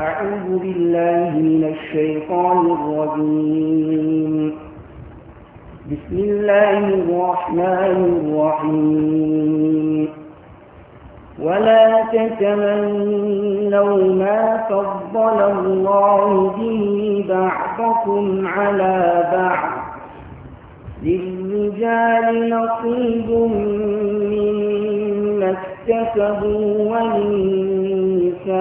أعوذ بالله من الشيطان الرجيم بسم الله الرحمن الرحيم ولا تتمنوا ما فضل الله به بعضكم على بعض للرجال نصيب من اكتسبوا وللنساء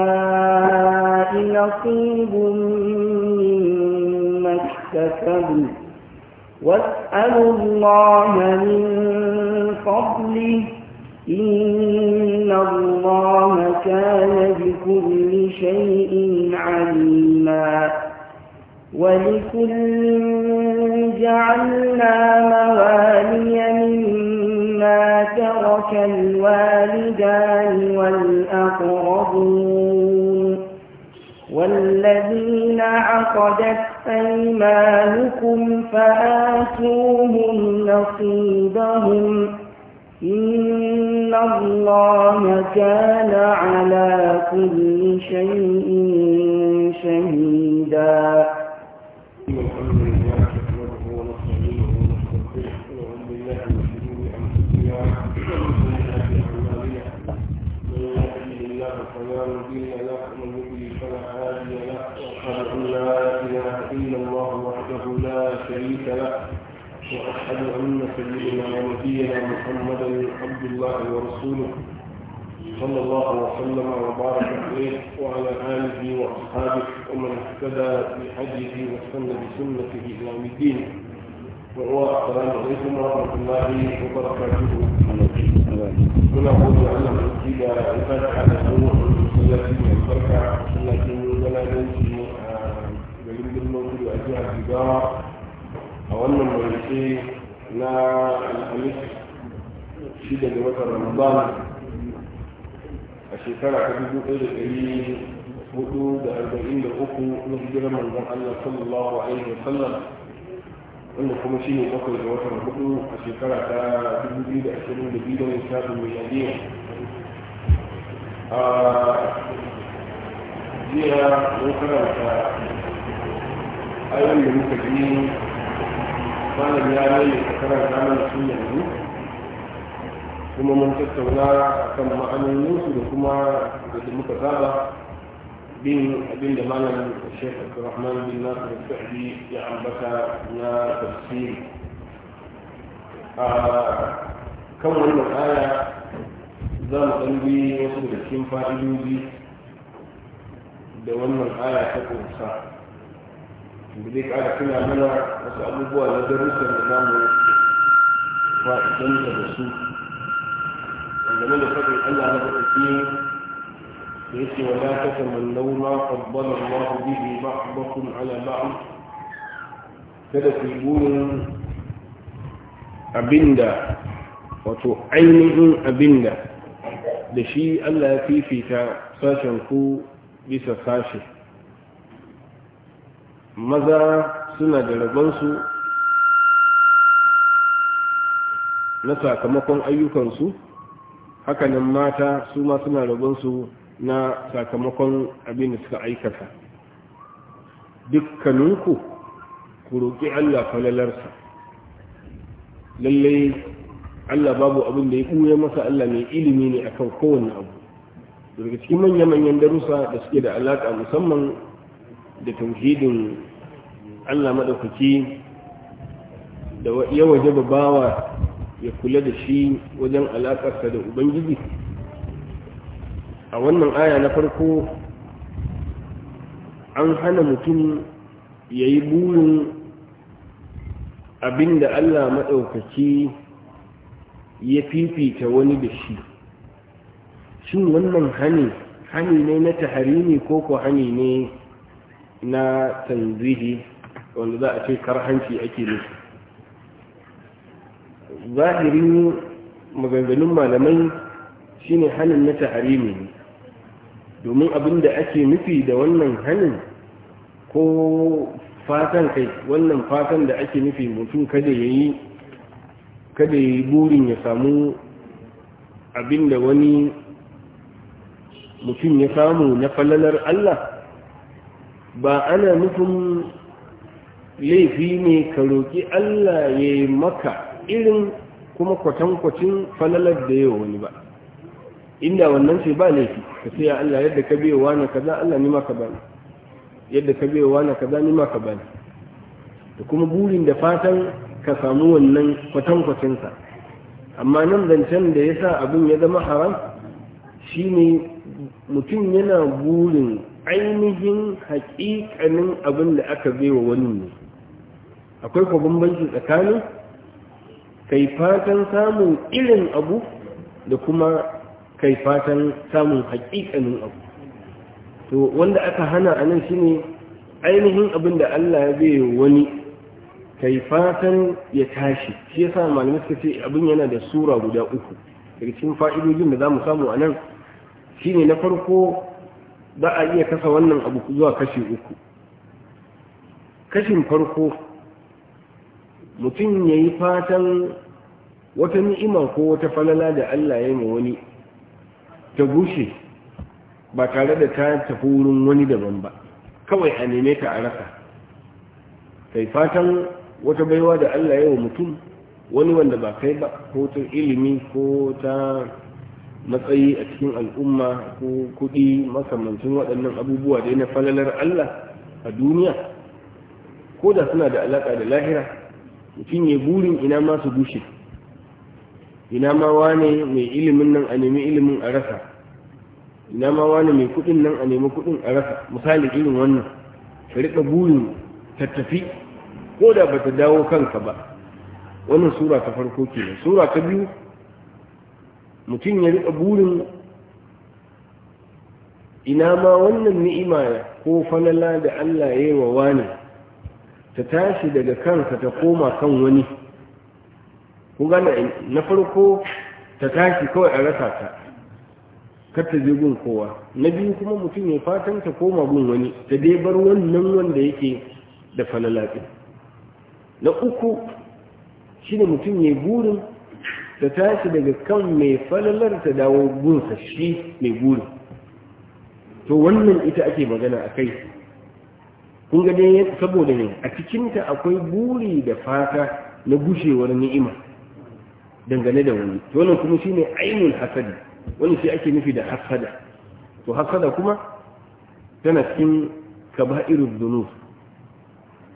نصيب مما اكتسبوا واسألوا الله من فضله إن الله كان بكل شيء عليما ولكل جعلنا موالي من ترك الوالدان والأقربون والذين عقدت أيمانكم فآتوهم نصيبهم إن الله كان على كل شيء شهيداً أشهد أن سيدنا ونبينا محمدا عبد الله ورسوله صلى الله وسلم وبارك عليه وعلى آله وأصحابه ومن اهتدى بهديه واستنى بسنته إلى يوم الدين السلام عليكم ورحمة الله وبركاته كنا نقول أن المسجد عبادة على نور التي البركة التي ولا ننسي جليل الموت وأجهة التجارة أو أن الملكين na alhamis shida da watan ramadan a shekara ta dubu ɗaya da ɗari hudu da arba'in da uku na hijirar manzon allah sallallahu alaihi wa sallam wanda kuma shi ne bakwai da watan hudu a shekara ta dubu biyu da ashirin da biyu da lissafin miliyadiyya a jiya mun karanta ayoyin da muka biyu malam ya mai ka karanta mana sun yanzu kuma mun tattauna akan su da kuma da muka saba bin abin da malam Sheikh Abdulrahman bin Nasir Sa'di ya ambata na tafsiri a kan wannan aya za mu ɗan bi wasu da cikin fa'idoji da wannan aya ta ƙunsa da zai ƙara tuna mana wasu abubuwa na darussan da zamu fa'idanta da su dangane da faɗin Allah na faɗaƙi da yake wa la tatamannaw ma faddala Allah bihi ba'dakum ala ba'd kada ku yi burin abinda wato ainihin abinda da shi Allah ya fifita sashen ku bisa sashe maza suna da rabonsu na sakamakon ayyukansu hakanan mata su ma suna rabonsu na sakamakon abin da suka aikata dukkaninku ku roƙi Allah falalarsa lallai Allah babu abin da ya ɓuya masa Allah mai ilimi ne akan kowane abu daga cikin manya-manyan darussa da suke da alaƙa musamman da tauhidin allah maɗaukaki da ya waje bawa ya kula da shi wajen alaƙarsa da ubangiji a wannan aya na farko an hana mutum ya yi burin abinda allah maɗaukaki ya fifita wani da shi shin wannan hani hani ne na taharimi ko ko hani ne na tanzihi wanda za a ce karhanci ake nufi zahirin maganganun malamai shine hannun na taharimi ne domin abin da ake nufi da wannan hannun ko fatan kai wannan fatan da ake nufi mutum kada ya yi kada ya yi burin ya samu abin da wani mutum ya samu na falalar Allah ba ana nufin laifi ne ka roƙi Allah ya yi maka irin kuma kwatankwacin falalar da yawa wani ba inda wannan ce ba laifi ka sai ya Allah yadda ka biyewa na kaza Allah ni maka bani yadda ka biyewa na kaza ni maka bani da kuma burin da fatan ka samu wannan kwatankwacinsa amma nan zancen da ya sa abin ya zama haram shi ne mutum yana burin ainihin haƙiƙanin abin da aka baiwa wani ne akwai kwa bambanci tsakanin kai fatan samun irin abu da kuma kai fatan samun haƙiƙanin abu to wanda aka hana a nan shine ainihin abin da Allah ya wa wani kai fatan ya tashi shi yasa malamai suka ce abin yana da sura guda uku daga cikin fa'idojin da za mu samu anan, nan shine na farko ba a iya kasa wannan abu zuwa kashi uku kashin farko mutum ya yi fatan wata ni'ima ko wata falala da Allah ya yi ma wani ta gushe ba tare da ta tafi wurin wani daban ba kawai a neme ta a rasa kai fatan wata baiwa da Allah ya yi wa mutum wani wanda ba kai ba ko ta ilimi ko ta matsayi a cikin al'umma ko kuɗi makamancin waɗannan abubuwa da na falalar Allah a duniya ko da suna da alaƙa da lahira mutum ya burin ina ma su gushe ina ma wane mai ilimin nan a nemi ilimin a rasa ina ma wane mai kuɗin nan a nemi kuɗin a rasa misali irin wannan ka riƙa burin tattafi ko da ba ta dawo kanka ba wannan sura ta farko kenan sura ta biyu mutum ya riƙa burin ina ma wannan ni'ima ko falala da Allah ya yi wa wani ta tashi daga kansa ta koma kan wani ku gane na farko ta tashi kawai a rasa ta kar ta je gun kowa na biyu kuma mutum ya fatan ta koma gun wani ta dai bar wannan wanda yake da falala ɗin na uku shi ne mutum ya yi burin ta tashi daga kan mai falalar ta dawo gunsa shi mai buri to wannan ita ake magana a kai kun ga saboda ne a cikinta akwai buri da fata na gushewar ni'ima dangane da wani to wannan kuma shine ainihin hasadi wani shi ake nufi da hasada to hasada kuma tana cikin kaba'irul dhunub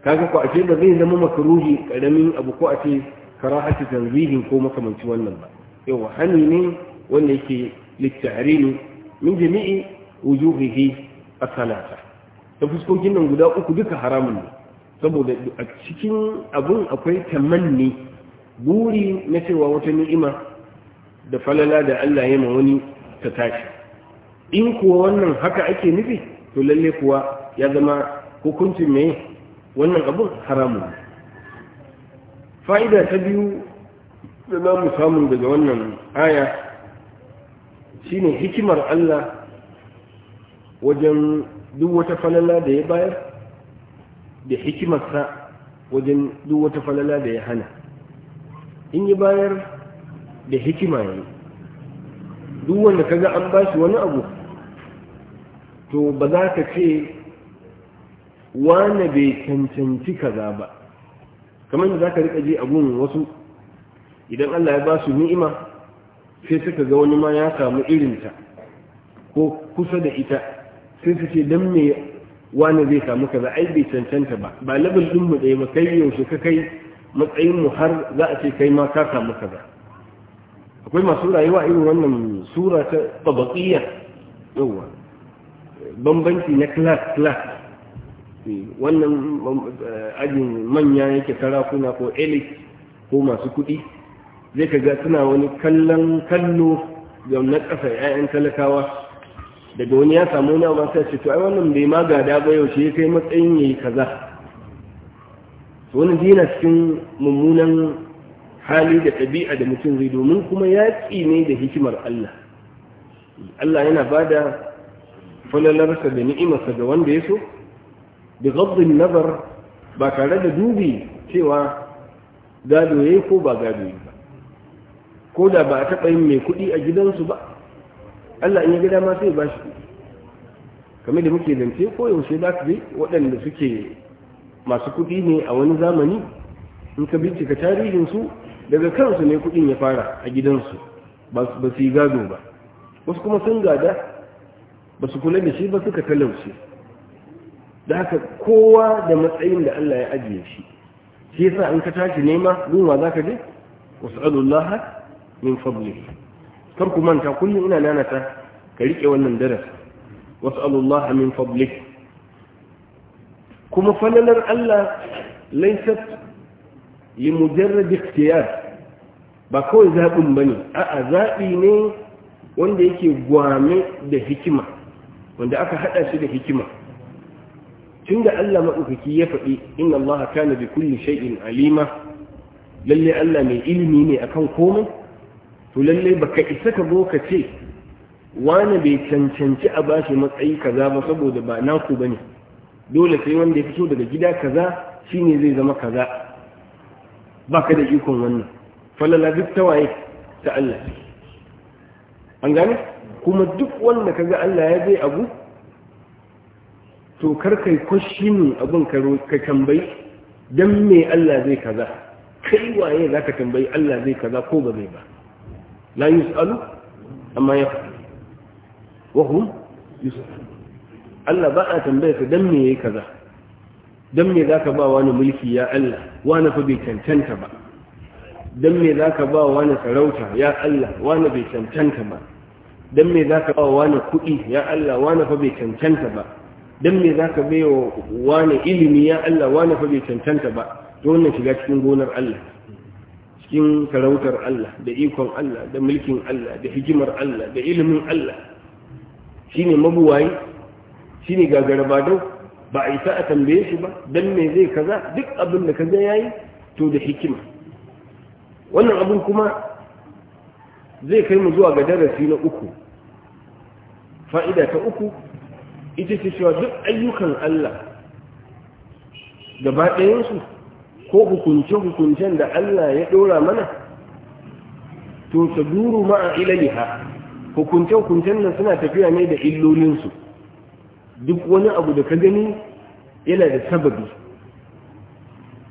kaga ko a ce ba zai zama makruhi karamin abu ko a ce karahatu tanzihi ko makamanci wannan ba yawa hannuni ne wanda yake littarini min jami'i wujuhihi asalata ta fuskokin nan guda uku duka haramun ne saboda a cikin abun akwai tamanni buri na cewa wata ni'ima da falala da Allah ya ma wani ta tashi in kuwa wannan haka ake nufi to lalle kuwa ya zama hukuncin me wannan abun haramun ne fa'ida ta biyu da za mu samu daga wannan aya shine hikimar Allah wajen duk wata falala da ya bayar da hikimarsa wajen duk wata falala da ya hana in yi bayar da hikima ne duk wanda ga an bashi wani abu to ba za ka ce wane bai cancanci kaza ba kamar da ka riƙa ji a gun wasu idan Allah ya ba su ni'ima sai suka ga wani ma ya samu irinta ko kusa da ita sai su ce dan me wani zai samu kaza ai bai cancanta ba ba labar ɗin mu ɗaya kai yaushe ka kai matsayin mu har za a ce kai ma ka samu kaza akwai masu rayuwa irin wannan sura ta tabaqiyya yawa bambanci na class class Eh, wannan um, eh, ajin manya yake sarakuna ko elik ko masu kuɗi zai ka ga suna wani kallon kallo ga na ƙasa 'ya'yan talakawa daga wani ya samu wani abu sai ce to ai wannan bai ma gada ba yaushe ya kai matsayin yayi kaza Wani wannan dina cikin mummunan hali da ɗabi'a da mutum zai domin kuma yaƙi ne da hikimar Allah Allah yana bada falalarsa da ni'imarsa ga wanda ya so Da gabbin nazar ba tare da dubi cewa gado ko ba gado ba ko da ba a taɓa yin mai kuɗi a gidansu ba Allah in ya ga dama sai ba shi kamar da muke zance ko yaushe za su bi waɗanda suke masu kuɗi ne a wani zamani in ka bincika tarihinsu daga kansu ne kuɗin ya fara a gidansu ba su yi gado ba wasu kuma sun gada ba su kula da shi ba suka talauce da kowa da matsayin da Allah ya ajiye shi shi yasa in ka tashi nema gunwa zaka je wasallallahu min fadlihi kar ku manta kullum ina nanata ka rike wannan darasi wasallallahu min fadlihi kuma falalar Allah laysat li mujarrad ikhtiyar ba kawai zaɓin ba ne a'a zaɓi ne wanda yake gwame da hikima wanda aka haɗa shi da hikima tun da Allah maɗaukaki ya faɗi in Allah na bi kulli shay'in alima lalle Allah mai ilimi ne akan komai to lalle baka isa ka zo ka ce wani bai cancanci a bashi matsayi kaza ba saboda ba naku bane dole sai wanda ya fito daga gida kaza shine zai zama kaza baka da ikon wannan falala duk tawaye ta Allah an gane kuma duk wanda kaga Allah ya zai abu to karkai kwashinin abin ka tambayi don me Allah zai kaza kai waye za ka tambayi Allah zai kaza ko ba zai ba Na yi yus'alu amma ya fi wahun Allah ba a tambaya ka don me ka kaza don me za ka ba wani mulki ya Allah wani fa bai cancanta ba don me za ka ba wani sarauta ya Allah wani bai cancanta ba don me za ka ba wani kuɗi ya Allah wani fa bai cancanta ba dan me zaka baiwa wani ilimi ya Allah wani fa bai cancanta ba to wannan shiga cikin gonar Allah cikin karautar Allah da ikon Allah da mulkin Allah da hikimar Allah da ilimin Allah shine mabuwayi shine gagarabadau ba a isa a tambaye shi ba dan me zai kaza duk abin da kaza yayi to da hikima wannan abin kuma zai kai mu zuwa ga darasi na uku fa'ida ta uku ita ce cewa duk ayyukan Allah gaba ɗayansu ko hukunce-hukuncen da Allah ya ɗora mana to ta duru ma'a ha hukunce-hukuncen nan suna tafiya ne da illolinsu duk wani abu da ka gani yana da sababi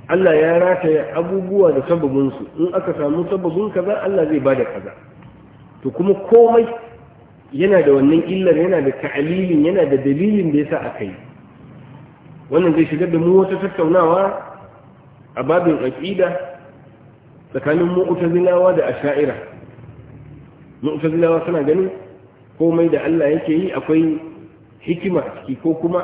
Allah ya rataya abubuwa da sababinsu in aka samu sababin kaza Allah zai bada kaza to kuma komai yana da wannan illar yana da ta'alilin yana da dalilin da yasa aka yi wannan zai shigar da mu wata tattaunawa a babin aqida tsakanin mu'tazilawa da asha'ira mu'tazilawa suna ganin komai da Allah yake yi akwai hikima ciki ko kuma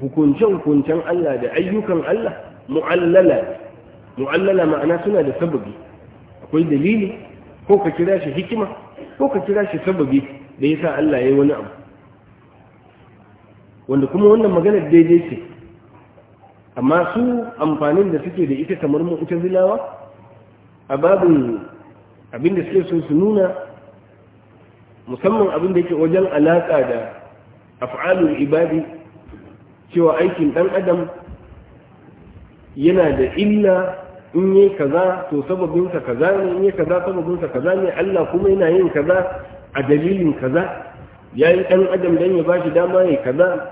hukuncen hukuncen Allah da ayyukan Allah mu'allala mu'allala ma'ana suna da sababi akwai dalili ko ka kira shi hikima ko ka kira shi sababi da yasa Allah ya yi wani abu wanda kuma wannan maganar daidai ce amma su amfanin da suke da ita kamar mu ita zilawa a babin abin da suke sun su nuna musamman abin da yake wajen alaƙa da af'alul ibadi cewa aikin ɗan adam yana da illa in yi kaza to sababinsa kaza ne in yi kaza sababinsa kaza ne Allah kuma yana yin kaza a dalilin kaza ya yi ɗan adam don ya shi dama ya kaza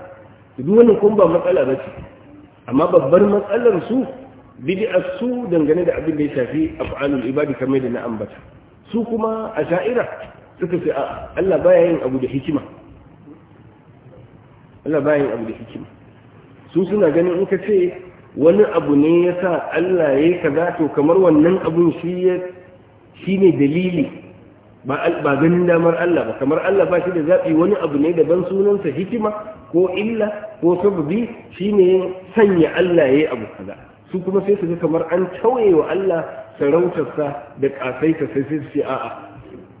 duk wani kun ba matsala ba ce amma babbar matsalar su bid'a su dangane da abin da ya shafi af'alul ibadi kamar da na ambata su kuma a sha'ira suka ce a Allah baya yin abu da hikima Allah baya yin abu da hikima su suna ganin in ka ce wani abu ne ya sa Allah ya yi kaza to kamar wannan abun shi ne dalili ba ganin damar Allah ba kamar Allah ba shi da zaɓi wani abu ne daban sunansa hikima ko illa ko sababi ne sanya Allah yi abu kaza su kuma sai su ga kamar an tauye wa Allah sarautarsa da kasaita sai sai su a'a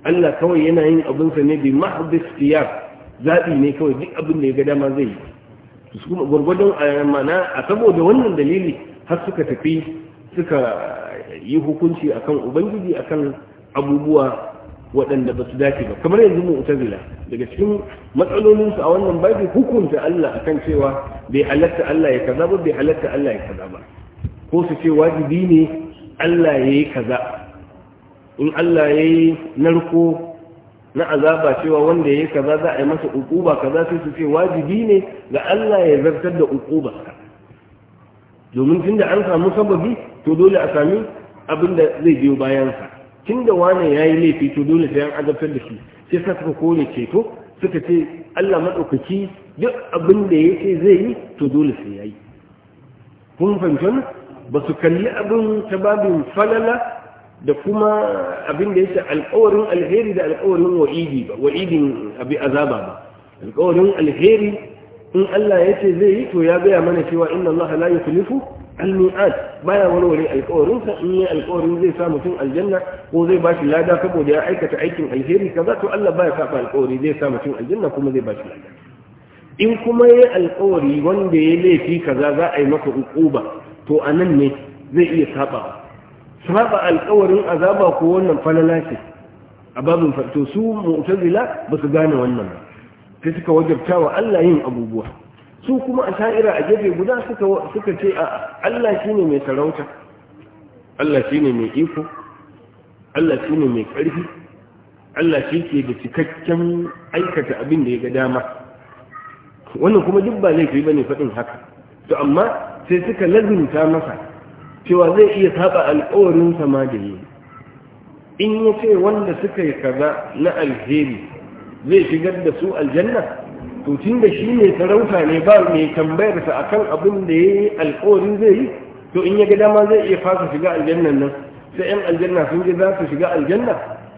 Allah kawai yana yin abinsa ne bi mahdhis tiyar zaɓi ne kawai duk abin da ya ga dama zai yi su kuma gwargwadon mana a saboda wannan dalili har suka tafi suka yi hukunci akan ubangiji akan abubuwa waɗanda ba su dace ba kamar yanzu mu utazila daga cikin matsalolin su a wannan babi hukunta Allah akan cewa bai halatta Allah ya kaza ba bai halatta Allah ya kaza ba ko su ce wajibi ne Allah ya yi kaza in Allah ya yi narko na azaba cewa wanda ya yi kaza za a yi masa ukuba kaza sai su ce wajibi ne ga Allah ya zartar da ukuba domin tunda an samu sababi to dole a sami abin da zai biyo bayansa tun da wane ya yi laifi to dole sai an azabtar da shi sai sa suka kone ceto suka ce Allah maɗaukaki duk abin da ya ce zai yi to dole sai ya yi kun fahimci ba su kalli abin ta babin falala da kuma abin da ce alƙawarin alheri da alƙawarin wa'idi ba wa'idin abi azaba ba alƙawarin alheri in Allah ya ce zai yi to ya gaya mana cewa inna Allah la yukhlifu al baya warware alƙawarin sa in yi alƙawarin zai sa mutum aljanna ko zai bashi lada saboda ya aikata aikin alheri kaza to Allah baya sa alƙawari zai sa mutum aljanna kuma zai bashi lada in kuma ya alƙawari wanda ya laifi kaza za a yi maka uquba to anan ne zai iya saba saba alƙawarin azaba ko wannan falala ce a babin to su mu'tazila ba su gane wannan ba sai suka wajabta wa Allah yin abubuwa su kuma a sha'ira a gefe guda suka ce a Allah shi ne mai sarauta Allah shi ne mai iko Allah shi ne mai ƙarfi Allah shi ke da cikakken aikata abin da ya ga dama wannan kuma duk ba zai ba bane faɗin haka to amma sai suka lazunta masa cewa zai iya saba alƙawarin sama da yi in ya ce wanda suka yi kaza na alheri zai shigar da su aljanna to tun da shi ne sarauta ne ba mai tambayarsa a kan abin da yi alƙawarin zai yi to in ya ga dama zai iya fasa shiga aljannan nan sai yan aljanna sun je za su shiga aljanna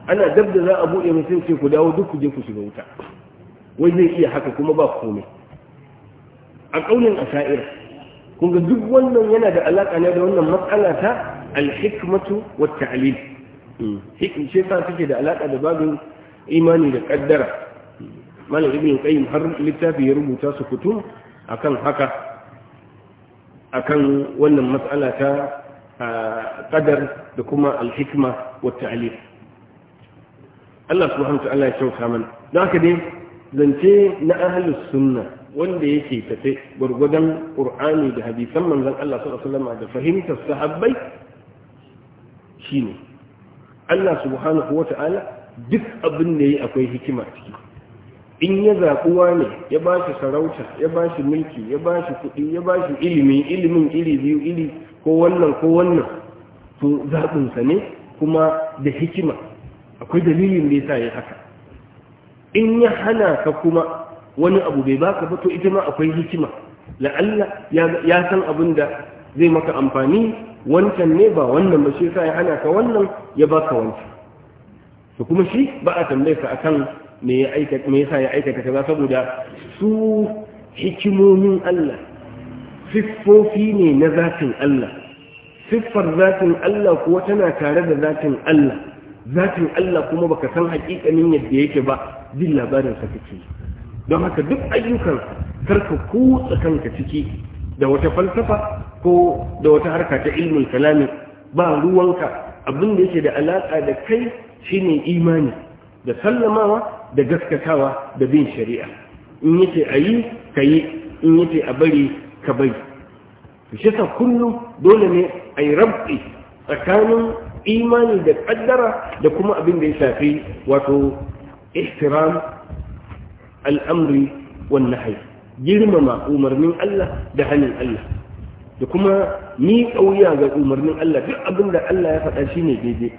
ana dab da za a buɗe musu ce ku dawo duk ku je ku shiga wuta wai zai iya haka kuma ba komai a ƙaunin asha'ira kun ga duk wannan yana da alaƙa ne da wannan matsala ta alhikmatu wa ta'lil hikmar hmm. shi ta take da alaƙa da babin imani da ƙaddara malam ibn qayyim har littafi ya rubuta su kutum akan haka akan wannan mas'ala ta qadar da kuma al-hikma wa ta'lif Allah subhanahu wa ta'ala ya kyauta mana don haka dai zance na ahlus sunna wanda yake tafe gurgudan qur'ani da hadisan manzon Allah sallallahu alaihi wasallam da fahimtar sahabbai shine Allah subhanahu wa ta'ala duk abin da yi akwai hikima ciki in ya zaɓuwa ne ya ba shi sarauta ya ba shi mulki ya ba shi kuɗi ya ba shi ilimi ilimin iri biyu iri ko wannan ko wannan to zaɓinsa ne kuma da hikima akwai dalilin da ya sa ya haka in ya hana ka kuma wani abu bai baka ba to ita ma akwai hikima la'alla ya san abin da zai maka amfani wancan ne ba wannan ba shi sa ya hana ka wannan ya baka wancan to kuma shi ba a tambaye ka akan me ya aikata me yasa ya aikata kaza saboda su hikimomin Allah siffofi ne na zatin Allah siffar zatin Allah kuwa tana tare da zatin Allah zatin Allah kuma baka san hakikanin yadda yake ba jin labarin sa kake don haka duk ayyukan karka kutsa kanka ciki da wata falsafa ko da wata harka ta ilmin kalami ba ruwanka abin da yake da alaka da kai shine imani da sallamawa da gaskatawa da bin shari'a in yace ayi kayi in yace a bari ka bari to shi ta kullum dole ne yi rabbi tsakanin imani da kaddara da kuma abin da ya shafi wato ihtiram al'amri wan nahyi girmama umarnin Allah da halin Allah da kuma ni kauya ga umarnin Allah duk abin da Allah ya faɗa shine daidai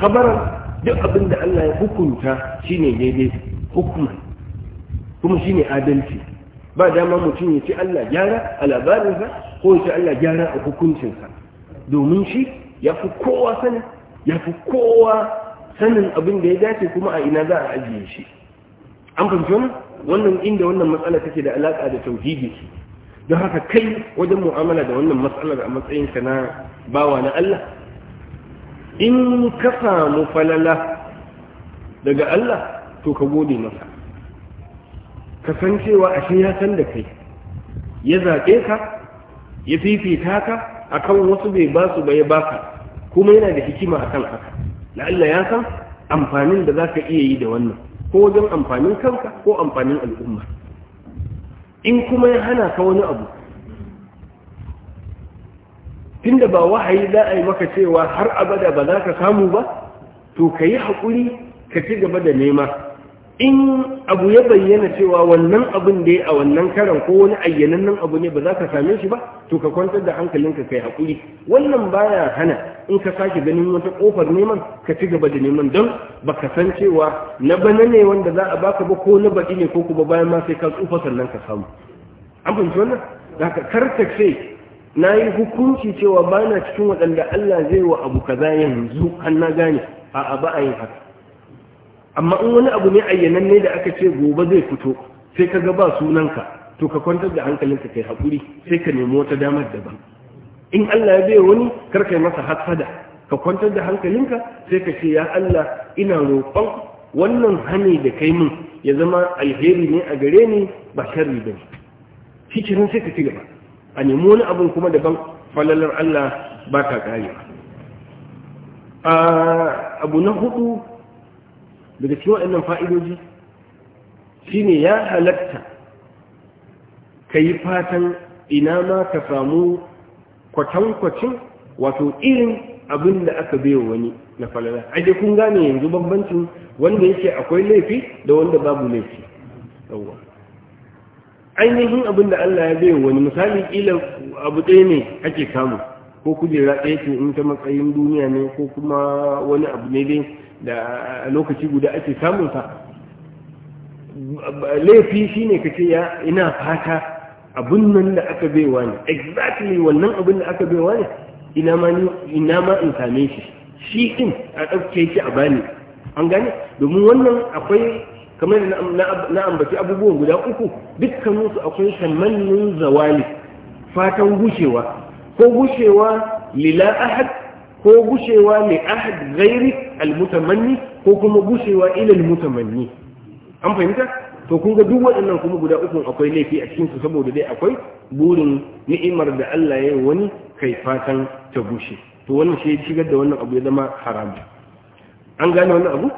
khabaran duk abin da Allah ya hukunta shine daidai hukuma kuma shine adalci ba dama mutum ya ce Allah gyara a labarinsa ko ya ce Allah gyara a hukuncinsa domin shi ya fi kowa sanin ya fi kowa sanin abin da ya dace kuma a ina za a ajiye shi an fahimci wannan wannan inda wannan matsala take da alaka da tauhidi don haka kai wajen mu'amala da wannan matsalar a matsayinka na bawa na Allah in ka samu falala daga Allah to ka gode masa ka san cewa ashe ya san da kai ya zaɓe ka ya fifita ka akan wasu bai ba su ba ya baka kuma yana da hikima akan haka Allah ya san amfanin da za ka iya yi da wannan ko wajen amfanin kanka ko amfanin al'umma in kuma ya hana ka wani abu tunda ba wahayi za a yi maka cewa har abada ba za ka samu ba to ka yi haƙuri ka ci gaba da nema in abu ya bayyana cewa wannan abin da ya a wannan karan ko wani ayyanannen abu ne ba za ka same shi ba to ka kwantar da hankalinka ka yi hakuri wannan baya hana in ka sake ganin wata ƙofar neman ka ci gaba da neman don ba ka san cewa na bana ne wanda za a baka ba ko na baɗi ne ko kuma bayan ma sai ka tsufa sannan ka samu an fahimci wannan da ka karkace na yi hukunci cewa ba na cikin waɗanda Allah zai wa abu kaza yanzu an na gane a abu a yin haka amma in wani abu ne ayyanan ne da aka ce gobe zai fito sai ka ga ba sunanka to ka kwantar da hankalinka kai haƙuri sai ka nemi wata damar daban in Allah ya bai wani kar kai masa hasada ka kwantar da hankalinka sai ka ce ya Allah ina roƙon wannan hani da kai min ya zama alheri ne a gare ni ba sharri ba ne shi sai ka ci gaba a nemi wani abin kuma daban falalar Allah ba ta A abu na hudu daga cikin waɗannan fa'idoji shine ya halatta ka yi fatan ina ma ka samu kwatankwacin wato irin abin da aka bewa wani na falala aje kun gane yanzu bambancin wanda yake akwai laifi da wanda babu laifi ainihin abin da Allah ya bai wani misali kila abu ɗaya ne ake samu ko kujera ɗaya ce in ta matsayin duniya ne ko kuma wani abu ne dai da lokaci guda ake samun sa laifi shine kace ya ina fata abun nan da aka baiwa ne exactly wannan abun da aka baiwa ne ina ma in same shi shi din a ɗauke shi a bani an gane domin wannan akwai kamar na ambaci abubuwan guda uku dukkaninsu akwai tamannin zawali fatan gushewa ko gushewa lila ahad ko gushewa mai ahad gairi almutamanni ko kuma gushewa ilil mutamanni an fahimta to kun ga duk waɗannan kuma guda uku akwai laifi a cikinsu saboda dai akwai burin ni'imar da Allah ya yi wani kai fatan ta gushe to wannan shi shigar da wannan abu ya zama haram an gane wannan abu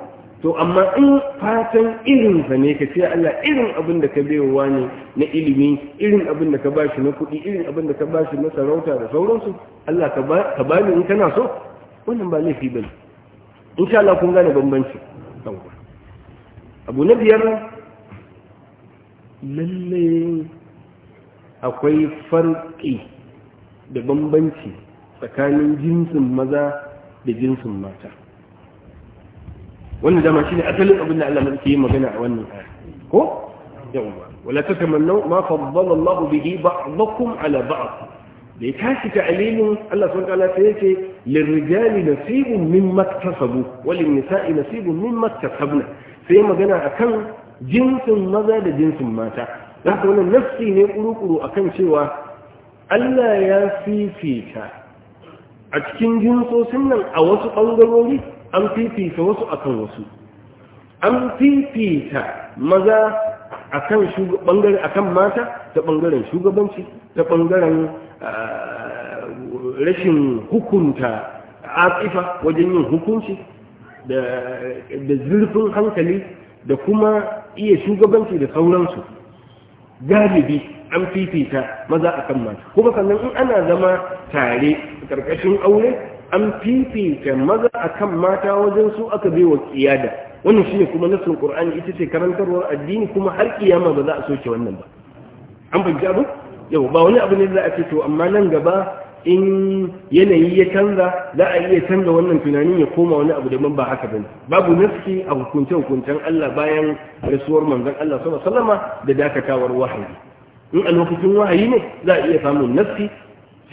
to amma in fatan irinsa ne ka ce Allah irin abin da ka baiwa ne na ilimi irin abin da ka ba shi na kuɗi irin abin da ka ba shi na sarauta da sauransu Allah ka ba ni in kana so wannan ba laifi bane insha Allah kun gane bambanci abu na biyar lalle akwai farki da bambanci tsakanin jinsin maza da jinsin mata wannan dama shine asalin abin da Allah madauki yi magana a wannan aya ko yawa wala tatamannu ma faddala Allah bihi ba'dakum ala ba'd da tashi ta'limin Allah subhanahu wa ta'ala sai yace lirrijali nasibun mimma iktasabu walin nisa'i nasibun mimma iktasabna sai magana akan jinsin maza da jinsin mata dan wannan nafsi ne kuru-kuru akan cewa Allah ya fifita a cikin jinsosin nan a wasu ɓangarori an fifita wasu akan wasu an fifita maza akan ɓangare akan mata ta ɓangaren shugabanci ta ɓangaren ah, rashin hukunta atsifa wajen yin hukunci da zurfin hankali da kuma iya shugabanci da sauransu galibi an fifita maza a kan mata kuma sannan in ana zama tare ƙarƙashin aure an fifita maza a kan mata wajen su aka bai wa ƙiyada wannan shine kuma nasin ƙur'ani ita ce karantarwar addini kuma har ƙiyama ba za a soke wannan ba an fahimci abu yau ba wani abu ne za a ce to amma nan gaba in yanayi ya canza za a iya canza wannan tunanin ya koma wani abu daban ba haka bane babu nafsi a hukunce hukuncen Allah bayan rasuwar manzon Allah sallallahu alaihi wasallama da dakatawar wahayi in a lokacin wahayi ne za a iya samun nafsi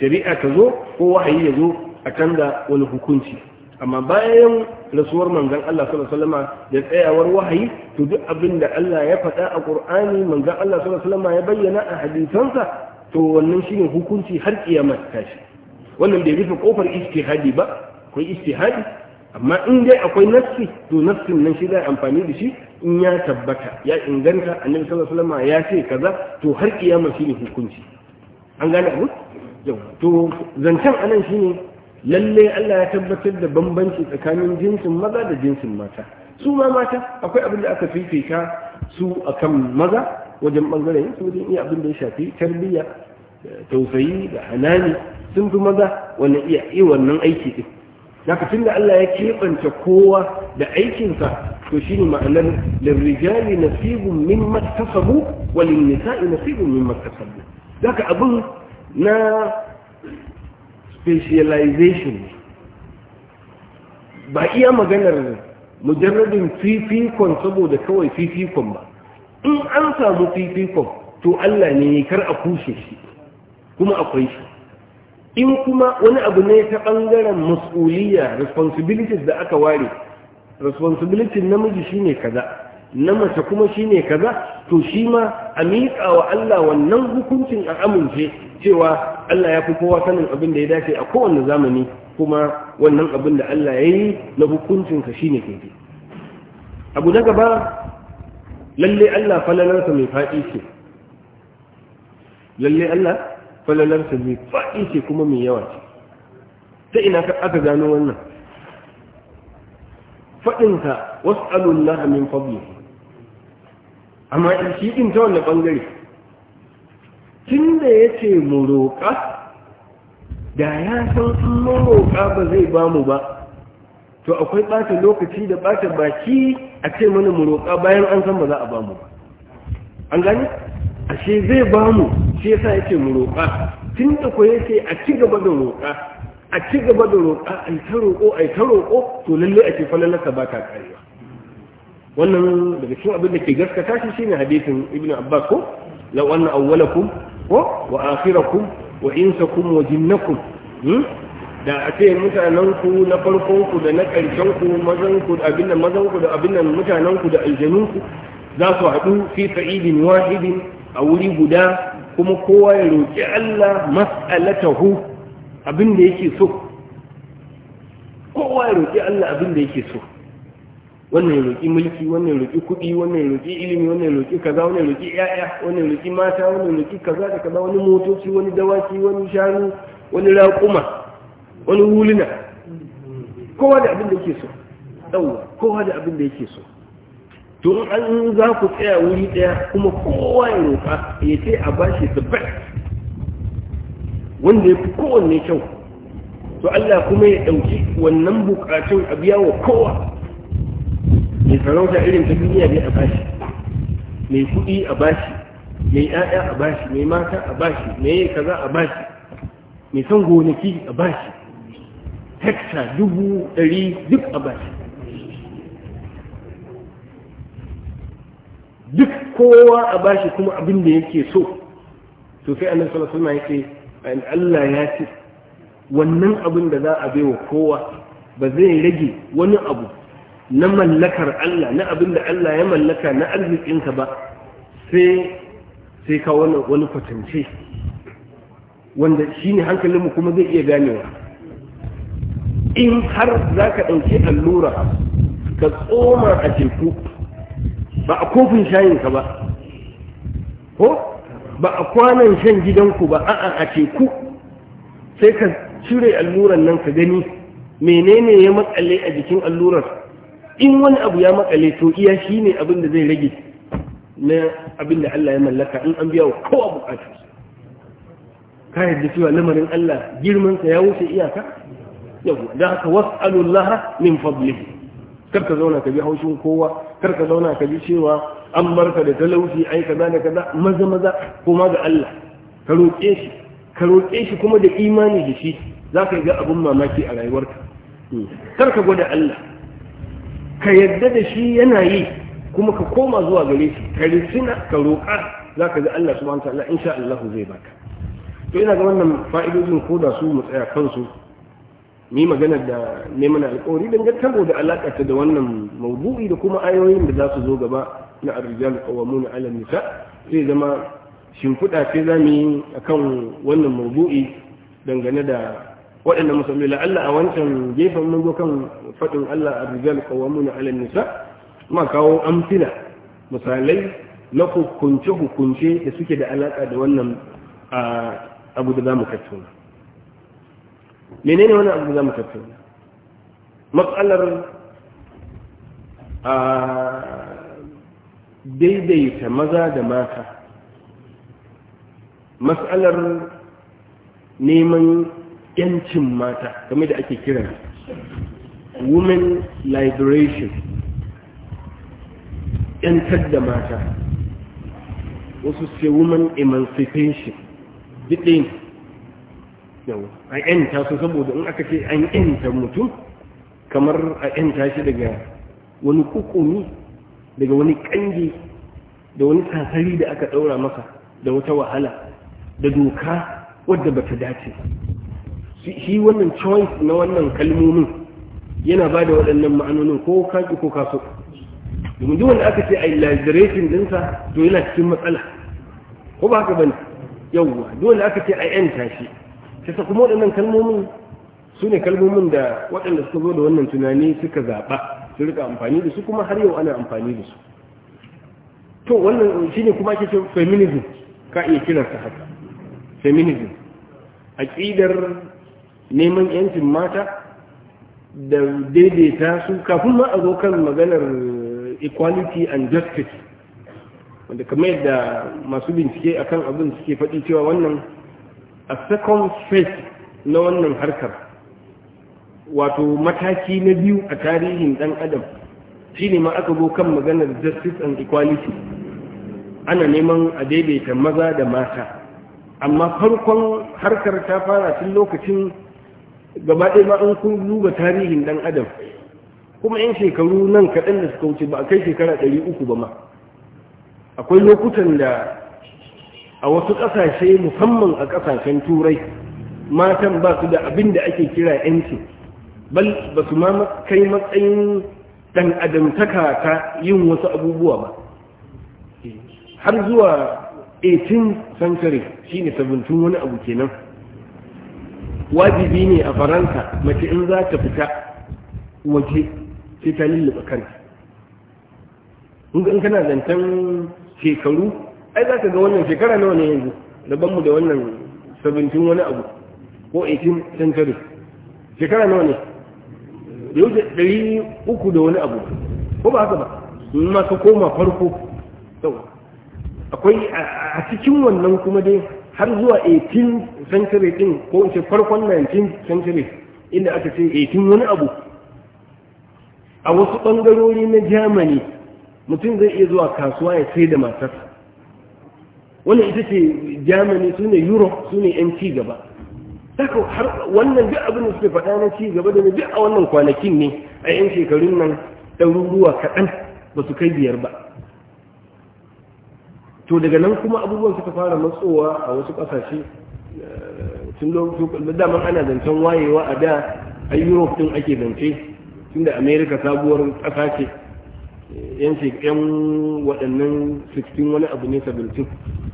shari'a ta zo ko wahayi ya zo a canza wani hukunci amma bayan rasuwar manzon Allah sallallahu alaihi wasallama da tsayawar wahayi to duk abin da Allah ya faɗa a Qur'ani manzon Allah sallallahu alaihi wasallama ya bayyana a hadisansa to wannan shine hukunci har kiyama ta tashi wannan bai rufe kofar istihadi ba akwai istihadi amma in dai akwai nassi to nassin nan shi zai amfani da shi in ya tabbata ya inganta annabi sallallahu alaihi wasallam ya ce kaza to har kiyama ne hukunci an gane abu to zancen anan shine lalle Allah ya tabbatar da bambanci tsakanin jinsin maza da jinsin mata su ma mata akwai abin da aka fifita su akan maza wajen bangaren su wajen iya abin da ya shafi tarbiyya tausayi da hanani sun fi maza wanda iya yi wannan aiki din daga da Allah ya keɓance kowa da aikinsa to shi ne ma'anar lirrijali sigun min matasabu walin nisa'i sigun min matasabu daga abin na specialization ba iya maganar mujarradin fifikon saboda kawai fifikon ba in an samu fifikon to Allah ne kar a kushe shi kuma akwai shi in kuma wani abu ne ta ɓangaren mas'uliya responsibilities da aka ware responsibility namiji shine kaza na mace kuma shine kaza to shi ma a miƙa wa Allah wannan hukuncin a amince cewa Allah ya fi kowa sanin abin da ya dace a kowane zamani kuma wannan abin da Allah ya yi na shi ne kai abu na gaba lalle Allah falalarsa mai faɗi ce lalle Allah falalarsa zai faɗi ce kuma mai yawa ce ta ina ka aka gano wannan faɗinka wasu alun na min fabli amma shi ɗin ta wanda ɓangare tun da ya ce mu roƙa da ya san in mun roƙa ba zai ba mu ba to akwai ɓata lokaci da ɓata baki a ce mana mu roƙa bayan an san ba za a ba mu ba an gani ashe zai ba mu shi yasa yake mu roƙa tun da ko yake a ci gaba da roƙa a ci gaba da roƙa a ta roƙo a ta roƙo to lalle a ce falalarsa ba ta karewa wannan daga cikin abin da ke gaskata shi shine hadisin ibn abbas ko law anna awwalakum ko wa akhirakum wa insakum wa jinnakum hmm? da a ce mutanen ku na farkon ku da na ƙarshen ku mazan ku da abin nan mazan ku da abin nan mutanen ku da aljanun ku za su haɗu fi sa'idin wahidin a wuri guda kuma kowa ya roƙi Allah hu abin da yake so kowa ya roƙi Allah abin da yake so wannan ya roƙi mulki wannan ya roƙi kuɗi wannan ya roƙi ilimi wannan ya roƙi kaza wannan ya roƙi ƴaƴa wannan ya roƙi mata wannan ya roƙi kaza da kaza wani motoci wani dawaki wani shanu wani raƙuma wani wulina kowa da abin da yake so ɗauwa kowa da abin da yake so to an za ku tsaya wuri ɗaya kuma kowa ya roƙa ya ce a bashi shi sabbat wanda ya fi kowanne kyau to Allah kuma ya ɗauki wannan bukatun a biya wa kowa mai sarauta irin ta duniya ne a bashi mai kuɗi a bashi mai ‘ya’ya a bashi mai mata a bashi mai kaza a bashi mai son gonaki a bashi hekta dubu ɗari duk a bashi duk kowa a bashi kuma abin da yake so to sai annabi sallallahu alaihi wasallam yake Allah ya ce wannan abin da za a baiwa kowa ba zai rage wani abu na mallakar Allah na abin da Allah ya mallaka na arzikinka ba sai sai ka wani wani kwatance wanda shine hankalinmu kuma zai iya ganewa in har za ka ɗauki allura ka tsoma a teku ba a kofin shayinka ba ko ba a kwanan shan gidanku ba a'a a teku sai ka cire alluran nan ka gani menene ya makale a jikin allurar in wani abu ya makale to iya shine ne abin da zai rage na abin da Allah ya mallaka in an biya wa kowa bukatu ka yadda cewa lamarin Allah girmansa ya wuce iyaka yau da haka wasu min fadlihi kar ka zauna ka bi haushin kowa kar ka zauna ka bi cewa an barka da talauci ai kaza da kaza maza maza kuma ga Allah ka roƙe shi ka roƙe shi kuma da imani da shi za ka ga abin mamaki a rayuwarka hmm. kar ka gwada Allah ka yadda da shi yana yi kuma ka koma zuwa gare shi ka risina ka roƙa za ka ga Allah subhanahu wa ta'ala insha Allah zai baka to ina ga wannan fa'idojin ko da su mu tsaya kansu ni magana da neman alƙawari dan da alaƙa ta da wannan maudu'i da kuma ayoyin da za su zo gaba na ar-rijal 'ala nisa sai zama shimfiɗa ce za mu yi akan wannan maudu'i dangane da waɗanda musamman la'alla a wancan gefen mun kan faɗin Allah ar-rijal qawwamuna 'ala nisa ma kawo amfila misalai na hukunce hukunce da suke da alaƙa da wannan abu da za mu tattauna menene wani abu da mu tattauna matsalar a ah, daidaita maza da mata matsalar neman yancin mata game da ake kira women liberation yantar da mata wasu ce women emancipation duk yau a yanta su saboda in aka ce an yanta mutum kamar a yanta shi daga wani kukumi daga wani kange da wani sasari da aka daura maka da wata wahala da doka wadda ba ta dace shi wannan choice na wannan kalmomin yana ba da waɗannan ma'anonin ko kaki ko kaso domin duk wanda aka ce a exaggeration dinsa to yana cikin matsala ko ba ka bane yawwa duk wanda aka ce a yanta shi kisa kuma waɗannan kalmomin su ne kalmomin da waɗanda suka zo da wannan tunani suka zaɓa su rika amfani da su kuma har yau ana amfani da su to wannan shi ne kuma ake ce feminism ka iya sa haka feminism aƙidar neman yancin mata da daidaita su kafin ma a zo kan maganar equality and justice wanda kamar yadda masu bincike akan abin suke faɗi cewa wannan a second phase na wannan harkar wato mataki na biyu a tarihin dan adam shine ma aka zo kan maganar justice and equality ana neman a daidaita maza da mata amma farkon harkar ta fara tun lokacin gaba ɗaya ma an kun duba tarihin dan adam kuma yan shekaru nan kaɗan da suka wuce ba a kai shekara ɗari uku ba ma akwai lokutan da a wasu ƙasashe musamman a ƙasashen turai matan ba su da abin da ake kira yanci bal ba su ma kai matsayin ɗan adamtaka ta yin wasu abubuwa ba har zuwa 18 century shine 17 wani abu kenan wajibi ne a faransa mace in za ta fita waje sai ta lulluɓa kanta in kana zancen shekaru ai za ka ga wannan shekara nawa ne yanzu daban mu da wannan sabintin wani abu ko 18 century shekara nawa ne da yau ɗari uku da wani abu ko ba haka ba ma ka koma farko akwai a cikin wannan kuma dai har zuwa 18 century din ko in ce farkon 19 century inda aka ce 18 wani abu a wasu ɓangarori na germany mutum zai iya zuwa kasuwa ya sai da matarsa wannan ita ce germany su ne europe su ne yan cigaba gaba har wannan duk abin da suke faɗa na ci gaba da duk a wannan kwanakin ne a yan shekarun nan ɗaruruwa kaɗan ba su kai biyar ba to daga nan kuma abubuwan suka fara matsowa a wasu ƙasashe tun eh, lokacin daman ana zancen wayewa a da a europe din ake zance tunda america sabuwar ƙasa ce eh, yan waɗannan 16 wani abu ne 17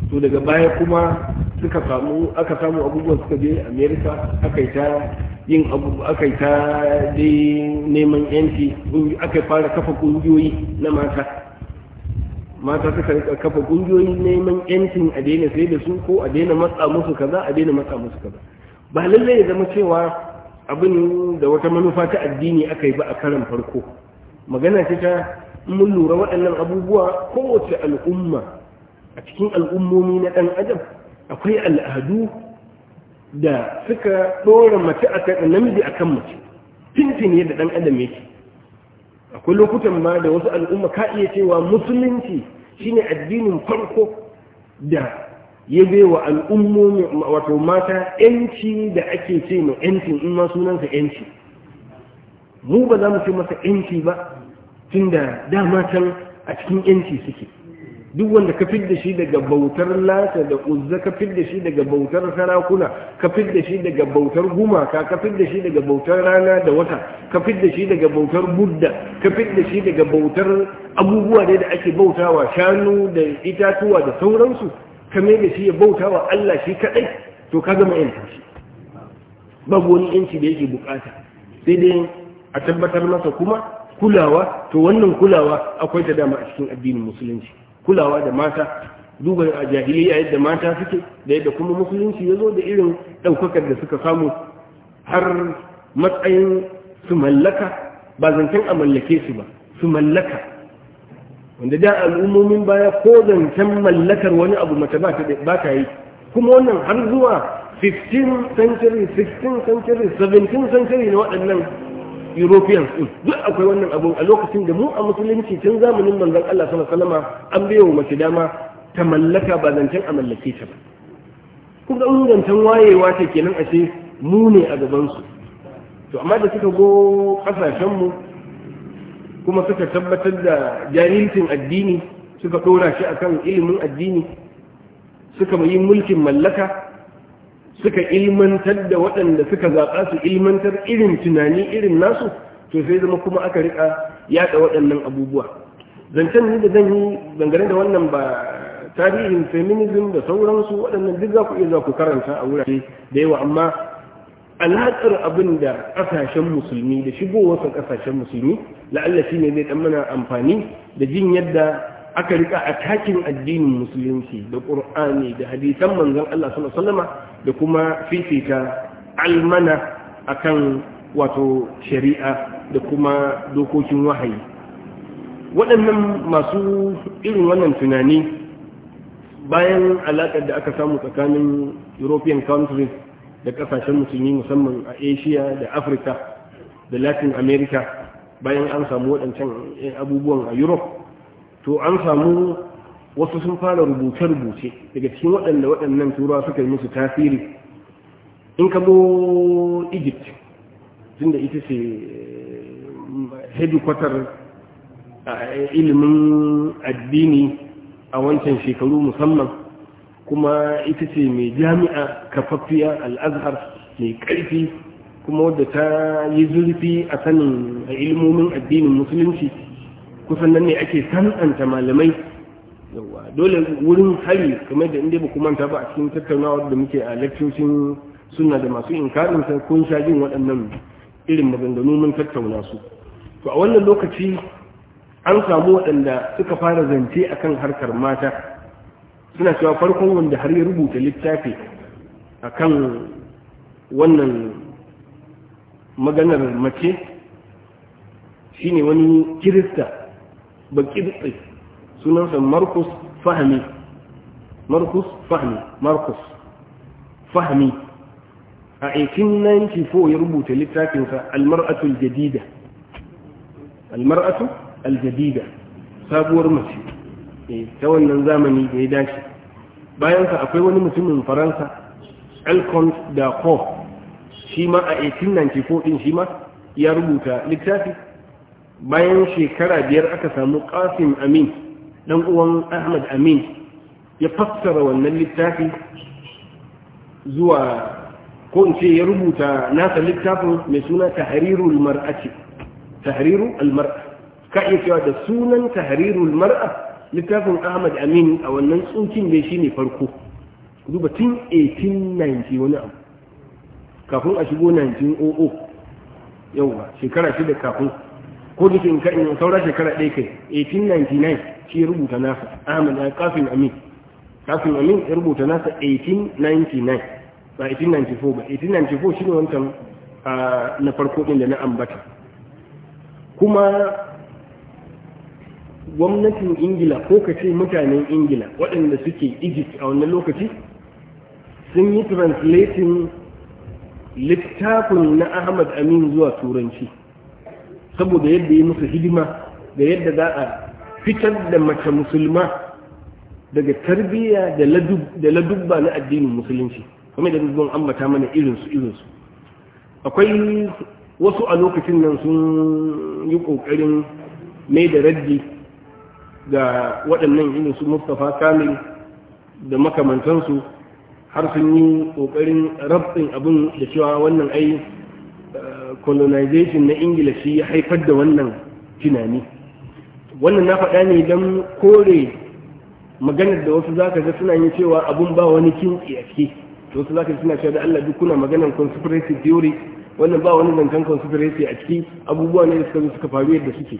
to daga baya kuma suka samu aka samu abubuwan suka je america aka yi ta yin abu aka yi ta dai neman yanki aka fara kafa kungiyoyi na mata mata suka rika kafa kungiyoyi neman yankin a daina sai da su ko a daina matsa musu kaza a daina matsa musu kaza ba lallai ya zama cewa abin da wata manufa ta addini aka yi ba a karan farko magana ce ta mun lura waɗannan abubuwa kowace al'umma a cikin al'ummomi na ɗan adam akwai al'adu da suka ɗora mace a kan namiji a kan mace tintin yadda ɗan adam yake akwai lokutan ma da wasu al'umma ka iya cewa musulunci shine addinin farko da ya bai wa al'ummomi wato mata ‘yanci da ake ce ma ‘yancin in ma sunansa ‘yanci mu ba za mu ce masa ‘yanci ba tun da dama a cikin ‘yanci suke duk wanda ka fidda shi daga bautar lata da uzza ka fidda shi daga bautar sarakuna ka fidda shi daga bautar gumaka ka fidda shi daga bautar rana da wata ka fidda shi daga bautar budda ka fidda shi daga bautar abubuwa da ake bautawa shanu da itatuwa da sauransu ka mai da shi ya bautawa Allah shi kadai to ka gama yanci shi babu wani yanci da yake bukata sai dai a tabbatar masa kuma kulawa to wannan kulawa akwai ta dama a cikin addinin musulunci kulawa da mata duba a jahiliya yadda mata suke da yadda kuma musulunci ya zo da irin ɗaukakar da suka samu har matsayin su mallaka ba zancen a mallake su ba su mallaka wanda da al'ummomin baya ko zancen mallakar wani abu mata ba ta yi kuma wannan har zuwa 15th century 16th century 17th century na waɗannan europeans din duk akwai wannan abu a lokacin da mu a musulunci tun zamanin manzon Allah sallallahu alaihi wasallam an bayo mace dama ta mallaka ba zancen a mallake ta ba kuma ingantan wayewa ta kenan a ce mu ne a gaban su to amma da suka go kasashen mu kuma suka tabbatar da jahilcin addini suka dora shi akan ilimin addini suka yi mulkin mallaka suka ilmantar da waɗanda suka zaɓa su ilmantar irin tunani irin nasu to sai zama kuma aka riƙa yaɗa waɗannan abubuwa zancen ni da zan yi dangane da wannan ba tarihin feminism da sauransu waɗannan duk za ku iya za ku karanta a wurare da yawa amma alaƙar abin da ƙasashen musulmi da shigowarsa ƙasashen musulmi la'alla shi ne zai ɗan mana amfani da jin yadda aka rika atakin addinin musulunci da ƙur'ani da hadisan manzon Allah sallallahu da kuma fifita almana akan wato shari'a da kuma dokokin wahayi waɗannan masu irin wannan tunani bayan alaƙar da aka samu tsakanin european countries da ƙasashen musulmi musamman a asia da afirka da latin america bayan an samu waɗancan abubuwan a europe to an samu wasu sun fara rubuce-rubuce daga cikin waɗanda waɗannan turawa suka yi musu tasiri in ka bo egypt da ita ce eh, hedikwatar eh, ilimin addini a wancan shekaru musamman kuma ita ce mai jami'a kafaffiya al'azhar mai ƙarfi kuma wadda ta yi zurfi a sanin ilimomin addinin musulunci kusan nan ne ake tantanta malamai yawa dole wurin hari kamar da inda ba kuma ta ba a cikin tattaunawar da muke a lakcocin suna da masu inkarin sai kun sha jin waɗannan irin maganganu mun tattauna su to a wannan lokaci an samu waɗanda suka fara zance akan harkar mata suna cewa farkon wanda har ya rubuta littafi akan wannan maganar mace shine wani kirista Baki bakibtsi sunansa markus fahmi markus fahmi markus fahmi a 1894 ya rubuta littafinsa almar'atu aljadida almar'atu aljadida sabuwar mace eh, ta wannan zamani da ya dace bayansa akwai wani mutumin faransa alcon da ko shi ma a 1894 din shi ma ya rubuta littafi bayan shekara biyar aka samu qasim amin dan uwan ahmad amin ya fassara wannan littafi zuwa ko in ce ya rubuta nasa littafin mai suna tahrirul mar'ati tahriru almar'a mara ka iya cewa da sunan tahrirul mar'a littafin Ahmad Amin a wannan shi ne farko duba tun 1890 wani abu kafin a shigo 1900 yauwa shekara shida kafin ko da in ka in saura shekara ɗaya kai 1899 shi rubuta nasa Ahmad Kafin Amin Kafin Amin ya rubuta nasa 1899 ba 1894 ba 1894 ne wancan na farko ɗin da na ambata kuma gwamnatin ingila ko ka ce mutanen ingila waɗanda suke egypt a wannan lokaci sun yi translating littafin na ahmad amin zuwa turanci saboda yadda ya musu hidima da yadda za a fitar da mace musulma daga tarbiyya da ladubba na addinin musulunci kuma da zuwan ambata mana irinsu irinsu akwai wasu a lokacin nan sun yi ƙoƙarin mai da raddi ga waɗannan irin su mustapha kamil da makamantansu har sun yi ƙoƙarin rabin abin da cewa wannan ai colonization na ingila shi ya haifar da wannan tunani wannan na faɗa ne don kore maganar da wasu zaka ga suna yin cewa abun ba wani kin a ciki to wasu zaka suna cewa da Allah duk kuna maganar conspiracy theory wannan ba wani zancen conspiracy a ciki abubuwa ne da suka suka faru yadda suke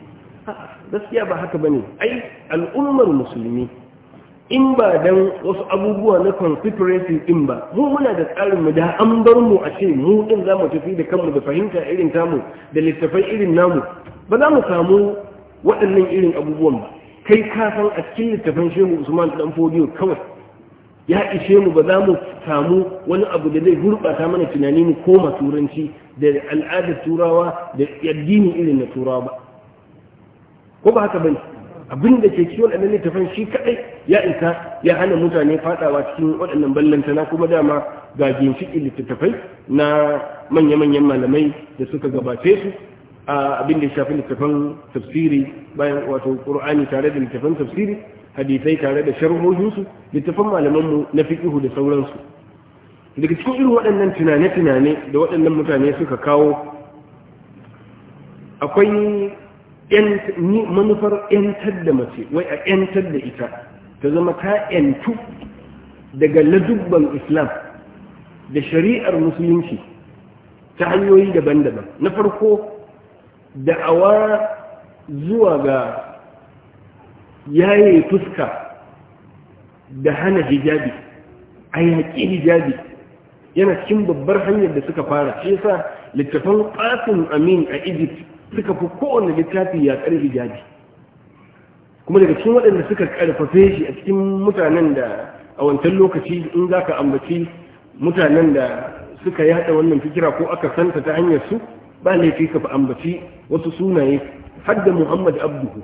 gaskiya ba haka bane ai al'ummar musulmi in ba dan wasu abubuwa na conspiracy din ba mu muna da tsarin mu da an bar mu a ce mu din za mu tafi da kanmu da fahimta irin tamu da littafai irin namu ba za mu samu waɗannan irin abubuwan ba kai ka san a cikin littafin shehu usman dan fodiyo kawai ya ishe mu ba za mu samu wani abu da zai gurɓata mana tunani mu ko turanci da al'adar turawa da addini irin na turawa ba ko ba haka bane abin da ke cikin waɗannan littafan shi kaɗai ya isa ya hana mutane faɗawa cikin waɗannan na kuma dama ga ginshiƙin littattafai na manya-manyan malamai da suka gabace su a abin da shafi littafan tafsiri bayan wato ƙur'ani tare da littafan tafsiri hadisai tare da sharhohinsu littafan malamanmu na fiƙihu da sauransu daga cikin irin waɗannan tunane-tunane da waɗannan mutane suka kawo akwai manufar ‘yantar da mace wai a ‘yantar da ita ta zama ta ‘yantu daga ladubban islam da shari'ar musulunci ta hanyoyi daban-daban na farko da awa zuwa ga yaye fuska da hana hijabi a yaƙi hijabi yana cikin babbar hanyar da suka fara shi yasa littafin ƙasin amin a egypt suka fi kowane littafi ya ƙar hijabi kuma daga cikin waɗanda suka karfafe shi a cikin mutanen da a wancan lokaci in za ka ambaci mutanen da suka yaɗa wannan fikira ko aka santa ta hanyar su ba laifi ka fi ambaci wasu sunaye har da muhammad abduhu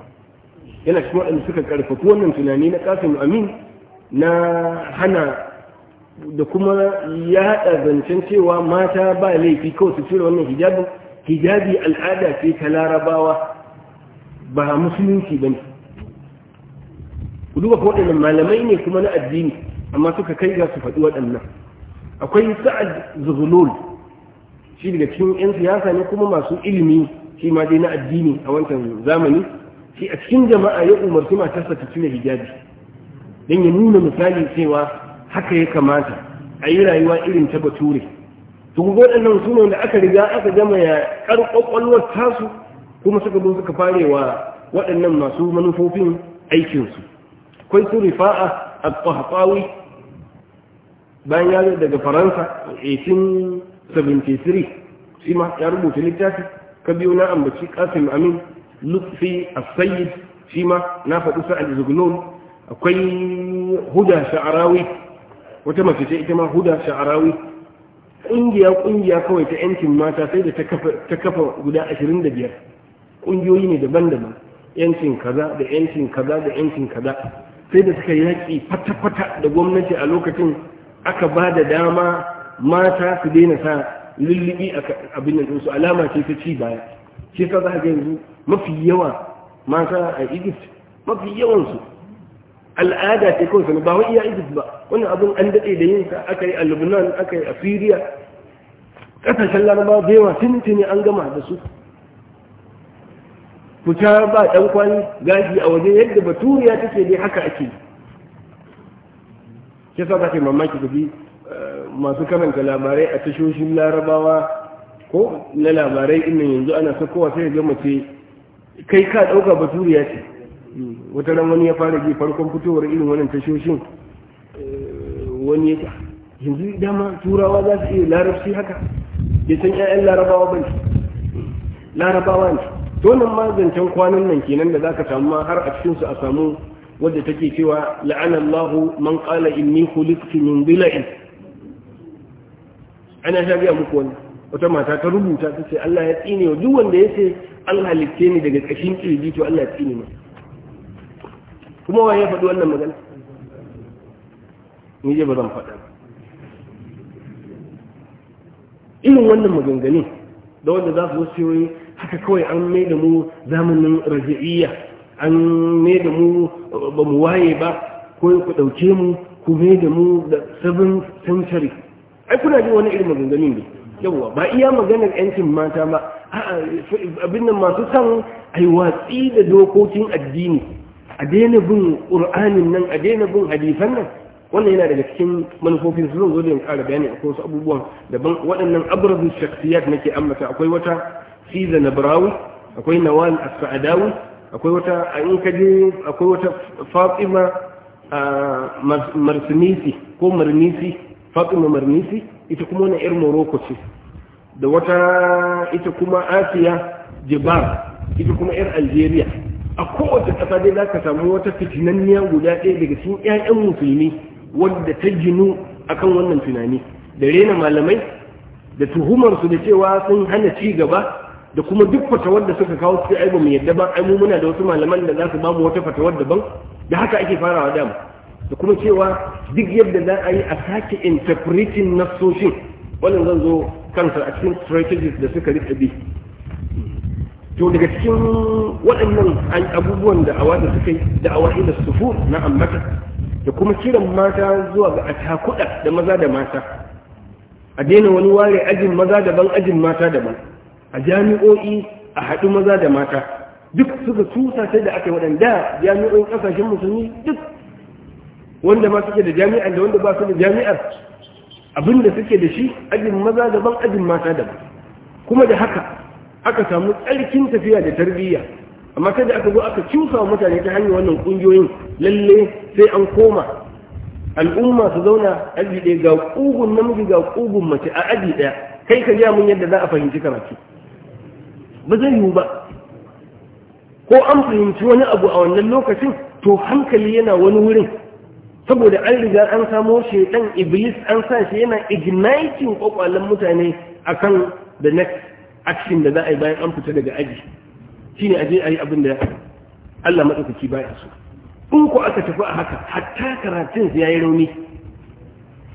yana cikin waɗanda suka karfafi wannan tunani na kasim amin na hana da kuma yaɗa zancen cewa mata ba laifi kawai su cire wannan hijabin hijabi al'ada ce ta larabawa ba musulunci ba ne ku duba ko waɗannan malamai ne kuma na addini amma suka kai ga su faɗi waɗannan akwai sa'ad zuhulul shi daga cikin 'yan siyasa ne kuma masu ilimi shi ma dai na addini a wancan zamani shi a cikin jama'a ya umarci matarsa ta cire hijabi don ya nuna misali cewa haka ya kamata a yi rayuwa irin ta bature tun waɗannan su ne da aka riga aka gama ya ƙar ƙwaƙwalwar tasu kuma suka zo suka fare wa waɗannan masu manufofin aikinsu akwai su rifa'a a ƙwaƙwawi bayan ya daga faransa 1873 shi ma ya rubuta littafi ka biyo na ambaci kasim amin lutfi asayid shi ma na faɗi sa'ad zugnon akwai huda sha'arawi wata mace ce ita ma huda sha'arawi ƙungiya ƙungiya kawai ta yancin mata sai da ta kafa guda ashirin da biyar ƙungiyoyi ne daban-daban yancin kaza da yancin kaza da yancin kaza sai da suka yaƙi fata-fata da gwamnati a lokacin aka ba da dama mata su daina sa lullubi a abin su alama ce ta ci baya shi sa za ga yanzu mafi yawa mata a egypt mafi yawansu al'ada ce kawai sanu ba wai iya Egypt ba wannan abin an daɗe da yin sa aka yi a Lebanon aka yi a Syria kasashen larabawa da yawa tuntuni an gama da su fita ba ɗan kwan gashi a waje yadda baturiya take dai haka ake ke sa za ka mamaki gabi eh, masu karanta labarai a tashoshin larabawa ko na labarai inda yanzu ana sakowa sai ga mace kai ka ɗauka baturiya ce wata nan wani ya fara ji farkon fitowar irin wannan tashoshin eh, wani ya yanzu dama turawa za su iya larabci haka Ya san 'ya'yan larabawa ba ne larabawa ne To tonin ma zancen kwanan nan kenan da za ka samu ma har a cikinsu a samu wadda take cewa la'anallahu man qala inni khuliqtu min dhila'in ana ta ga muku wani wata mata ta rubuta ta ce Allah ya tsine wa. duk wanda ya yace an halitte ni daga kashin kirji to Allah ya tsine masa kuma wa ya faɗi wannan magana ni je ba zan faɗa ba irin wannan maganganun da wanda za su wasu yoyi haka kawai an mai da mu zamanin raja'iyya an mai da mu ba mu waye ba ko ku ɗauke mu ku mai da mu da seven century ai kuna jin wani irin maganganu ne yawwa ba iya maganar yancin mata ba abin nan masu son aiwatsi watsi da dokokin addini a daina bin ƙur'anin nan a daina bin hadisan nan wannan yana daga cikin manufofin su zan zo da yin ƙara bayani akwai wasu abubuwan daban waɗannan abrazu shakhsiyat nake ambata akwai wata na nabrawi akwai nawal as-sa'adawi akwai wata a in kaje akwai wata fatima marsinisi ko marnisi fatima marnisi ita kuma wani yar morocco ce da wata ita kuma asiya jibar ita kuma yar algeria a kowace ƙasa dai za ka samu wata fitinanniya guda ɗaya daga cikin ƴaƴan musulmi wadda ta ginu akan wannan tunani da rena malamai da tuhumarsu da cewa sun hana ci gaba da kuma duk fatawar da suka kawo su ai ba mu yadda ba ai mu muna da wasu malaman da za su ba mu wata fatawar daban da haka ake farawa dama da kuma cewa duk yadda za a yi a sake interpreting nassoshin wannan zan zo kansa a cikin strategies da suka rika bi to daga cikin waɗannan abubuwan da awa da suka yi da awa ila sufu na ambata da kuma kiran mata zuwa ga atakuɗa da maza da mata a daina wani ware ajin maza daban ajin mata daban a jami'o'i a haɗu maza da mata duk suka tusa sai da aka yi waɗanda jami'o'in ƙasashen musulmi duk wanda ma suke da jami'ar da wanda ba su da jami'ar abinda suke da shi ajin maza daban ajin mata daban kuma da haka aka samu tsarkin tafiya da tarbiyya amma kada aka zo aka cusa mutane ta hanyar wannan kungiyoyin lalle sai an koma al'umma su zauna aji ɗaya ga ƙugun namiji ga ƙugun mace a aji ɗaya kai ka ja mun yadda za a fahimci karatu ba zai yiwu ba ko an fahimci wani abu a wannan lokacin to hankali yana wani wurin saboda an riga an samo shaidan iblis an sa shi yana igniting kwakwalen mutane akan the next action da za a yi bayan an fita daga aji shine aje a yi abin da Allah matsakaki baya so in ku aka tafi a haka hatta karatun ya yi rauni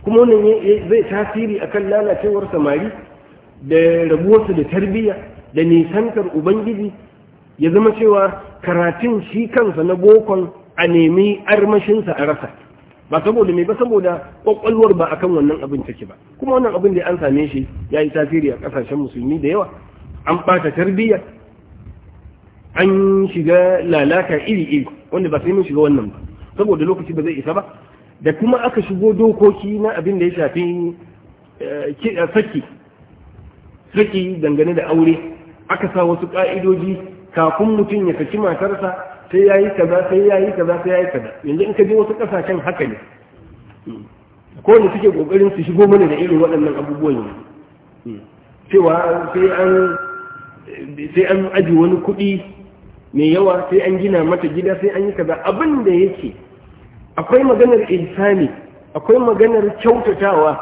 kuma wannan zai tasiri a kan lalacewar samari da rabuwarsa da tarbiyya da nisantar ubangiji ya zama cewa karatun shi kansa na bokon a nemi armashinsa a rasa ba saboda me ba saboda kwakwalwar ba akan wannan abin take ba kuma wannan abin da an same shi ya yi tasiri a kasashen musulmi da yawa an bata tarbiyya an shiga lalata iri-iri wanda ba sai mun shiga wannan ba saboda lokaci ba zai isa ba da kuma aka shigo dokoki na abin da ya shafi eh, eh, saki saki dangane da aure aka sa wasu ka'idoji kafin mutum ya saki matarsa sai ya yi kaza sai ya yi kaza sai ya yi kaza yanzu in ka je wasu kasashen haka ne ko ne suke kokarin su shigo mana da irin waɗannan abubuwan ne cewa sai an sai an aji wani kuɗi mai yawa sai an gina mata gida sai an yi kaza abin da yake akwai maganar ihsani akwai maganar kyautatawa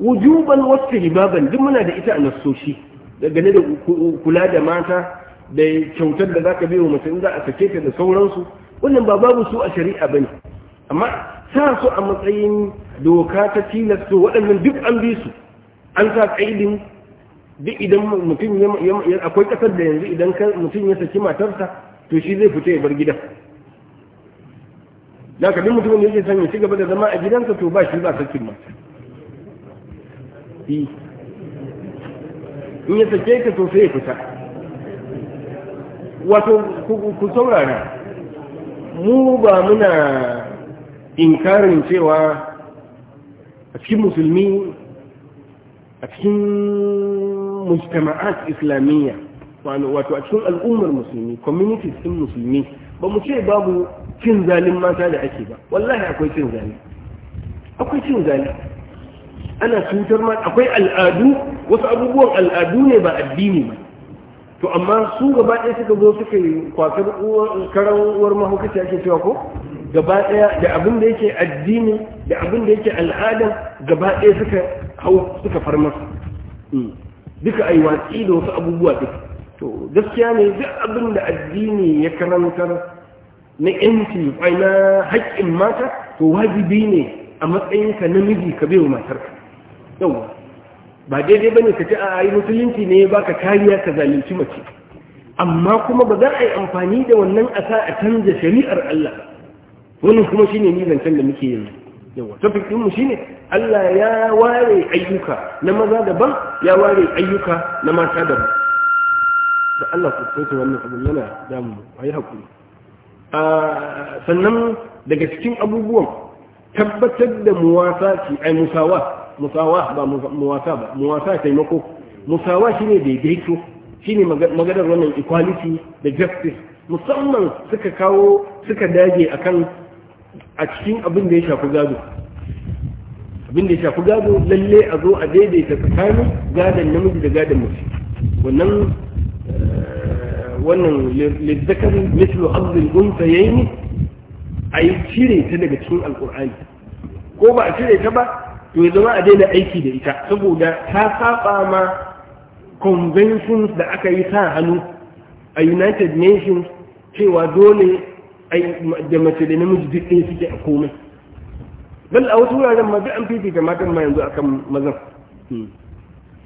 wujuban wasu ribaban duk muna da ita a nasoshi dangane da kula da mata da kyautar da zaka biyo mace in za a sake ta da sauransu wannan ba babu su a shari'a bane amma sa su a matsayin doka ta tilasto waɗannan duk an bi su an sa kaidin duk idan mutum ya akwai kasar da yanzu idan mutum ya saki matarsa to shi zai fita ya bar gidan da ka duk mutumin da yake son ya ci gaba da zama a gidansa to ba shi ba sakin mata in ya sake ka to sai ya fita wato ku saurara mu ba muna inkarin cewa a cikin musulmi a cikin mujtama'at islamiyya wato a cikin al'ummar musulmi communities din musulmi ba mu ce babu cin zalin mata da ake ba wallahi akwai cin zalin akwai cin zalin ana cutar mata akwai al'adu wasu abubuwan al'adu ne ba addini ba to amma su gaba ɗaya suka zo suka yi kwasar karawar uwar mahaukaci ake cewa ko gaba ɗaya da abin da yake addini da abin da yake al'ada gaba ɗaya suka hau suka far masa hmm. duka yi watsi da wasu abubuwa duka to gaskiya ne duk abin da addini ya karantar na yanci kwai na haƙƙin mata to wajibi ne a matsayinka namiji ka bai wa matarka ba daidai ba ne ka ce a yi musulunci ne ba ka kariya ka zalunci mace amma kuma ba za a yi amfani da wannan asa a canza shari'ar Allah wannan kuma shine ni zancen da muke yanzu yawa topic din mu shine Allah ya ware ayyuka na maza daban ya ware ayyuka na mata daban da Allah su tsoto wannan abu yana damu a yi hakuri sannan daga cikin abubuwan tabbatar da muwasa ci ai musawa musawa ba muwasa ba muwasa taimako musawa ne daidaito shi ne maganar wannan equality da justice musamman suka kawo suka dage a kan, a cikin abin da ya shafi gado abin da ya shafi gado lalle a zo a daidaita tsakanin gadon namiji da gadon mace wannan eh, wannan lizzakar mislu abdul unsa yayi a yi cire ta daga cikin alkur'ani ko ba a cire ta ba to ya zama a daina aiki da ita saboda ta saba ma conventions da aka yi sa hannu a united nations cewa dole da mace da namiji duk ɗaya suke a komai bal a wasu wuraren ma duk an da matan ma yanzu akan mazan hmm.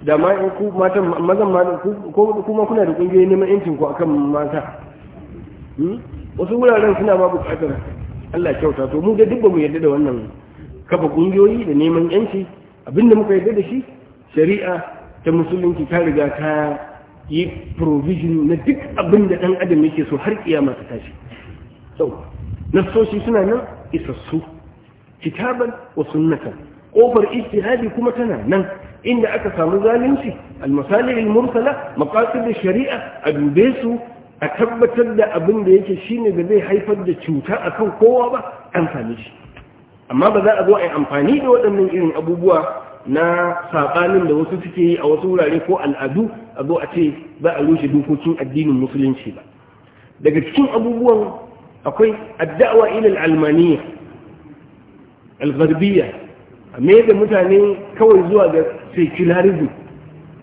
da ma ku matan mazan ma ko kuma kuna da kungiyoyin neman yancin ku akan mata hmm. wasu wuraren suna ma bukatar Allah kyauta to mu da duk ba mu yarda da wannan kafa ƙungiyoyi da neman yanci abinda muka yi da shi shari'a ta musulunci ta riga ta yi provision na duk abin da ɗan adam yake so har kiyama ta tashi so nassoshi suna nan isassu kitaban wa sunnatan kofar ijtihadi kuma tana nan inda aka samu zalunci al-masalih al-mursala maqasid shari'a a dube su a tabbatar da abin da yake shine da zai haifar da cuta akan kowa ba an same shi amma ba za a zo a yi amfani da waɗannan irin abubuwa na saɓanin da wasu suke yi a wasu wurare ko al'adu a zo a ce za a rushe dokokin addinin musulunci ba daga cikin abubuwan akwai addawa ilal almaniya algarbiya a da mutane kawai zuwa ga secularism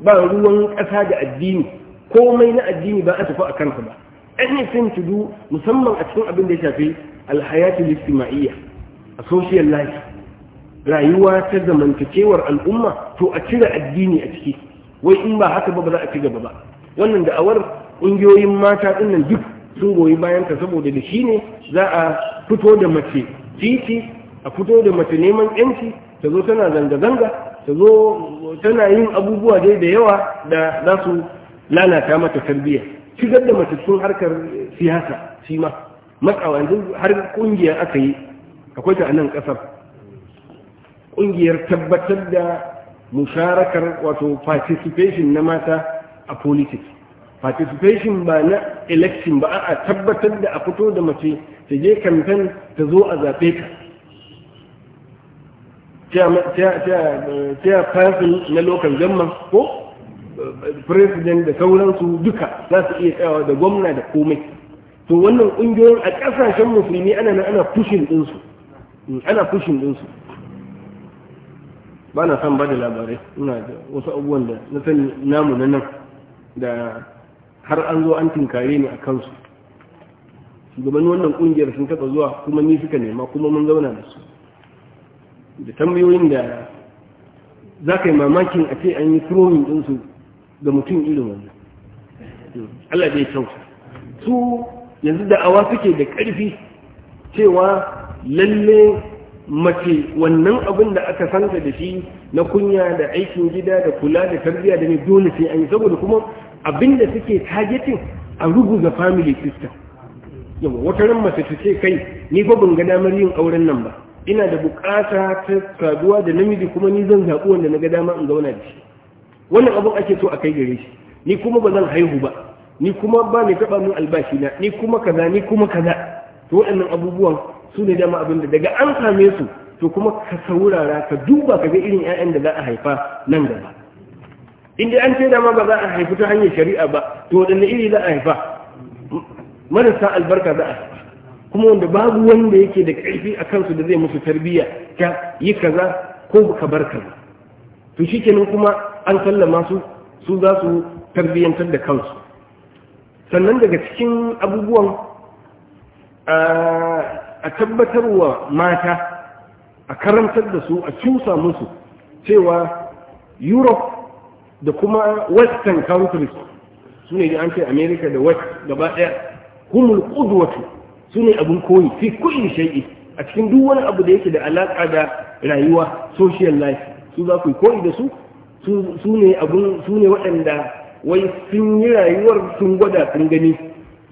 ba ruwan ƙasa da addini komai na addini ba a tafi a kansa ba anything to do musamman a cikin abin da ya shafi alhayatul istima'iyya a social life rayuwa ta zamantakewar al'umma to a cire addini a ciki wai in ba haka ba ba za a ci gaba ba wannan da'awar ƙungiyoyin mata ɗinnan duk sun goyi bayan ka saboda da shi ne za a fito da mace titi a fito da mace neman yanci ta zo tana zanga-zanga ta zo tana yin abubuwa dai da yawa da za su lalata mata tarbiyya shigar da mace cikin harkar siyasa shi ma matsawa yanzu har kungiya aka yi akwai ta a nan ƙasar ƙungiyar tabbatar da musharakar wato participation na mata a politics participation ba na election ba a tabbatar da a fito da mace ta je kamfen ta zo a zaɓe ka ta fasin na local government ko president da sauransu duka za su iya tsayawa da gwamna da komai to wannan ƙungiyoyin a ƙasashen musulmi ana nan ana fushin ɗinsu ana kushin ɗinsu ba na san ba da labarai ina da wasu abubuwan da na sani namu na nan da har an zo an tinkare ni a kansu shugaban wannan kungiyar sun taba zuwa kuma ni suka nema kuma mun zauna da su da tambayoyin da za ka yi mamakin a ce an yi throwing dinsu ga mutum irin wannan Allah bai kyau su yanzu da'awa suke da ƙarfi cewa lalle mace wannan abin da aka santa da shi na kunya da aikin gida da kula da tarbiyya da ne dole sai an yi saboda kuma abin da suke targetin a ruguza family system yawa wata ran mace ta ce kai ni ba ban ga damar yin auren nan ba ina da bukata ta saduwa da namiji kuma ni zan zaɓi wanda na ga dama in zauna da shi wannan abin ake so a kai gare shi ni kuma ba zan haihu ba ni kuma ba mai taɓa min albashi na ni kuma kaza ni kuma kaza to waɗannan abubuwan su ne dama abin da daga an same su to kuma ka saurara ka duba ka ga irin 'ya'yan da za a haifa nan gaba in dai an ce dama ba za a haifi ta hanyar shari'a ba to waɗanne iri za a haifa marasa albarka za a haifa kuma wanda babu wanda yake da ƙarfi a kansu da zai musu tarbiyya ka yi kaza ko ka bar kaza to shikenan kuma an sallama su su za su tarbiyyantar da kansu sannan daga cikin abubuwan ah, a tabbatar wa mata a karantar da su a cusa musu cewa europe da kuma western countries su ne an ce america da west gaba daya humul kudwatu su ne abin koyi fi kulli shay'i a cikin duk wani abu da yake da alaka da rayuwa social life su za ku koyi da su su ne abin su ne waɗanda wai sun yi rayuwar sun gwada sun gani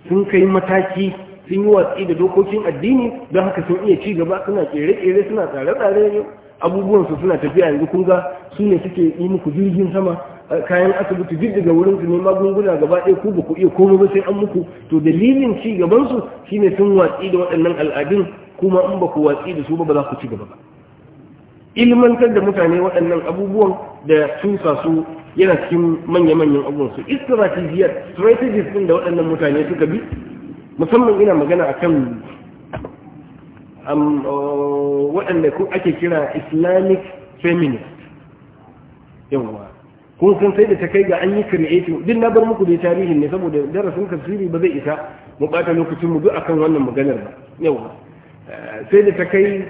sun kai mataki sun yi watsi da dokokin addini don haka sun iya ci gaba suna kere-kere suna tsare-tsare abubuwansu suna tafiya yanzu kun ga su ne suke yi muku jirgin sama kayan asibiti duk daga wurin su ne magunguna gaba ɗaya ku ba ku iya komai ba sai an muku to dalilin ci gaban su shine sun watsi da waɗannan al'adun kuma in ba ku watsi da su ba ba za ku ci gaba ba ilmantar da mutane waɗannan abubuwan da tusa su yana cikin manya-manyan abubuwan su strategies ɗin da waɗannan mutane suka bi musamman ina magana kan um, uh, waɗanda ake kira islamic feminist yawa kun san sai da ta kai ga an yi creative din na bar muku da tarihin ne saboda darasin tasiri ba zai isa mu ɓata lokacin mu duk akan wannan maganar ba yawa eh, sai da ta kai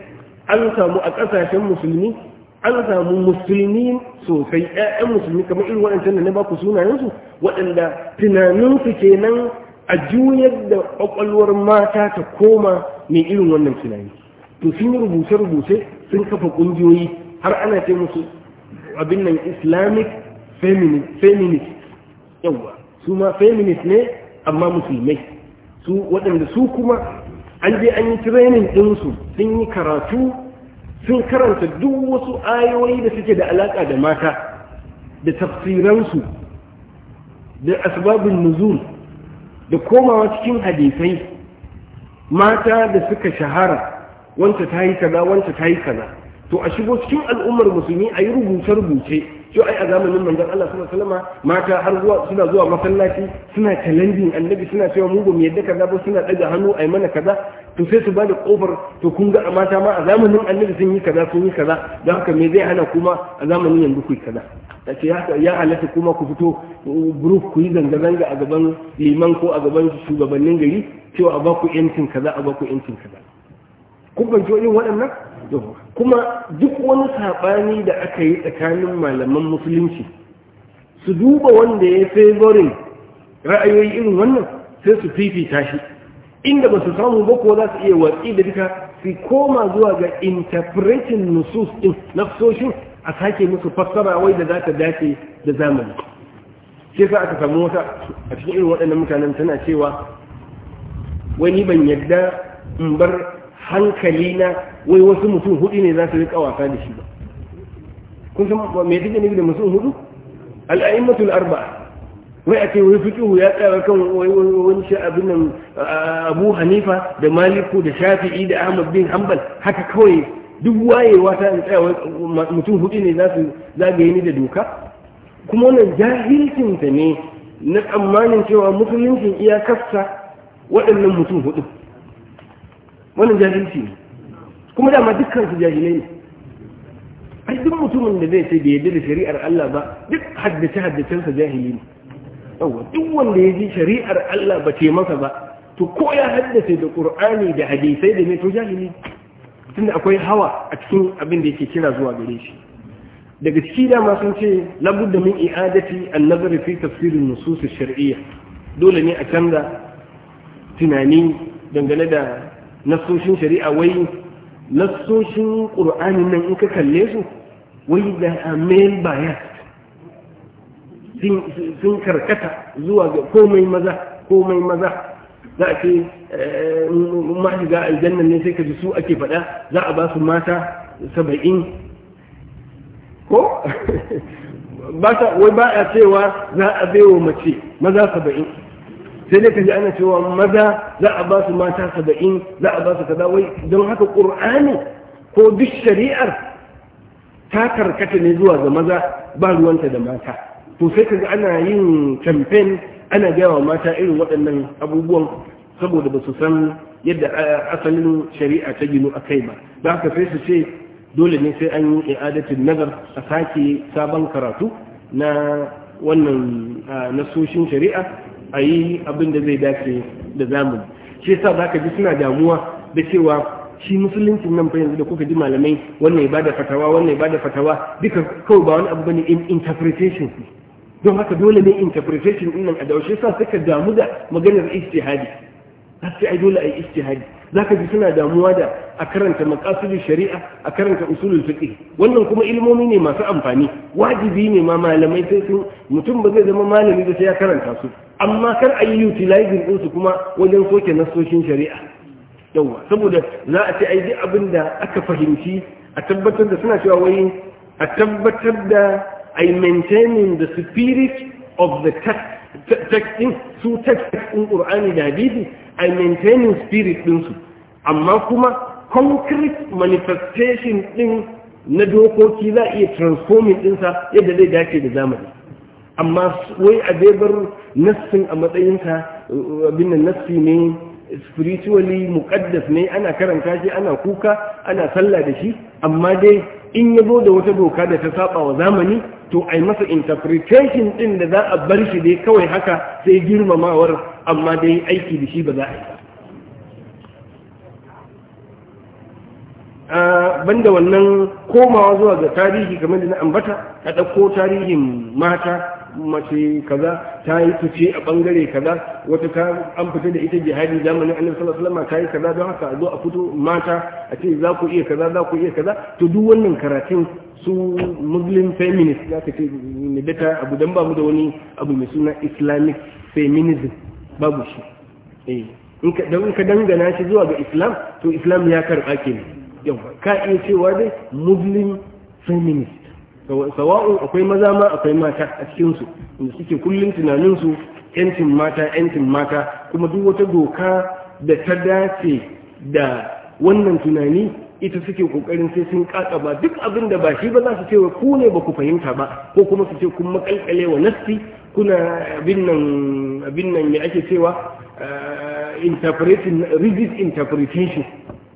an samu a ƙasashen musulmi an samu musulmi sosai ƴaƴan musulmi kamar irin waɗancan da na baku sunayensu waɗanda tunaninsu kenan a juyar da ƙwaƙwalwar mata ta koma mai irin wannan tunani to sun yi rubuce-rubuce sun kafa ƙungiyoyi har ana ce musu abin nan islamic feminist yawa su ma feminist ne amma musulmai su waɗanda su kuma an je an yi training ɗinsu sun yi karatu sun karanta duk wasu ayoyi da suke da alaƙa da mata da tafsiransu da asbabin nuzul da komawa cikin hadisai mata da suka shahara wanta ta yi kaza wanta ta yi kaza to a shigo cikin al'ummar musulmi a yi rubuce-rubuce to ai a zamanin manzon Allah sallallahu alaihi wasallam mata har zuwa suna zuwa masallaci suna challenging annabi suna cewa mu ba yadda kaza ba suna daga hannu ai mana kaza to sai su bada kofar to kun ga mata ma a zamanin annabi sun yi kaza sun yi kaza da haka me zai hana kuma a zamanin yanzu ku kaza da ke haka ya halatta kuma ku fito group ku yi zanga-zanga a gaban liman ko a gaban shugabannin gari cewa a ba ku yancin kaza a ba ku yancin kaza kun fahimci irin waɗannan kuma duk wani saɓani da aka yi tsakanin malaman musulunci su duba wanda ya favorin ra'ayoyi irin wannan sai su fifita shi inda ba su samu ba ko za su iya watsi da duka su koma zuwa ga interpreting nusus din nafsoshin a sake musu fassara wai da za ta dace da zamani sai sa aka samu wata a cikin irin waɗannan mutanen tana cewa wani ban yadda in bar hankali na wai wasu mutum hudu ne za su riƙa wasa da shi ba kun san me take nufi da mutum hudu al'aimatul arba'a wai a ce wai fiqhu ya tsaya kan wani shi abin nan Abu Hanifa da Maliku da Shafi'i da Ahmad bin Hanbal haka kawai duk wayewa ta in tsaya mutum hudu ne za su zagaye ni da doka kuma wannan jahilcinta ne na tsammanin cewa musuluncin iya kasta waɗannan mutum hudu wannan jahilci ne kuma dama dukkan su jahilai ne ai duk mutumin da zai ce bai yarda da shari'ar Allah ba duk haddace haddacensa jahili ne yawa duk wanda ya ji shari'ar Allah ba ce masa ba to ko ya haddace da Qur'ani da hadisai da ne to jahili ne tunda akwai hawa a cikin abin da yake kira zuwa gare shi daga ciki dama sun ce da min i'adati an-nazari fi tafsirin nusus shar'iyya dole ne a canza tunani dangane da nassoshin shari'a wai nassoshin qur'ani nan in ka kalle su wai da amen baya sun karkata zuwa ga komai maza komai maza za a ce eh, ma aljannan ne sai ka ji su ake faɗa za a ba su mata saba'in ko ba ta wai ba a cewa za a baiwa mace maza saba'in sai dai ka ji ana cewa maza za a ba su mata saba'in za a ba su kaza wai don haka ƙur'ani ko duk shari'ar ta karkata ne zuwa ga maza ba ruwanta da mata to sai ka ga ana yin campaign ana gaya wa mata irin waɗannan abubuwan saboda ba su san yadda asalin shari'a ta ginu a kai ba Ba ka sai su ce dole ne sai an yi i'adatin nazar a sake sabon karatu na wannan nasoshin shari'a a yi abin da zai dace da zamani shi sa za ka ji suna damuwa da cewa shi musuluncin nan fa yanzu da kuka ji malamai wannan ya bada fatawa wannan ya fatawa duka kawai ba wani abu bane in interpretation don haka dole ne interpretation din nan a daushe sa suka damu da maganar ijtihadi sai ai dole ai Za zaka ji suna damuwa da a karanta maqasidul shari'a a karanta usulul fiqh wannan kuma ilmomi ne masu amfani wajibi ne ma malamai sai sun mutum ba zai zama malami da sai ya karanta su amma kar yi utilizing din su kuma wajen soke nasoshin shari'a yawa saboda za a ce ai duk abin da aka fahimci a tabbatar da suna cewa wai a tabbatar da I maintaining the spirit of the texting text in Qur'ani da hadisi I maintaining spirit ɗinsu amma kuma concrete manifestation ɗin na dokoki za iya transforming ɗinsa yadda zai dace da zamani amma wai a bar nassin a matsayinsa abin nassi ne spiritually muƙaddas ne ana karanta shi ana kuka ana sallah da shi amma dai in ya zo da wata doka da ta saba wa zamani to ai masa interpretation din da za a bar shi dai kawai haka sai girmamawar amma dai aiki da shi ba za a yi ba ah, banda wannan komawa zuwa ga tarihi kamar da na ambata a ɗauko tarihin mata mace kaza ta yi fice a bangare kaza wata ta an fita da ita jihadi zamanin annabi sallallahu alaihi wasallam ta yi kaza don haka a zo a fito mata a ce za ku iya kaza za ku iya kaza to duk wannan karatun su muslim feminist za ka ce ne data abu dan babu mu da wani abu mai suna islamic feminism babu shi eh in ka ka dangana shi zuwa ga islam to islam ya karba kenan yawa ka iya cewa dai muslim feminist sawa'un akwai maza ma akwai mata a cikin su inda suke kullum tunaninsu yancin mata yancin mata kuma duk wata doka da ta dace da wannan tunani ita suke kokarin sai sun ba duk abin da ba shi ba za su ce ku ne ba ku fahimta ba ko kuma su ce kun makalkale wa nasti kuna abin nan abin nan me ake cewa eh, interpreting rigid interpretation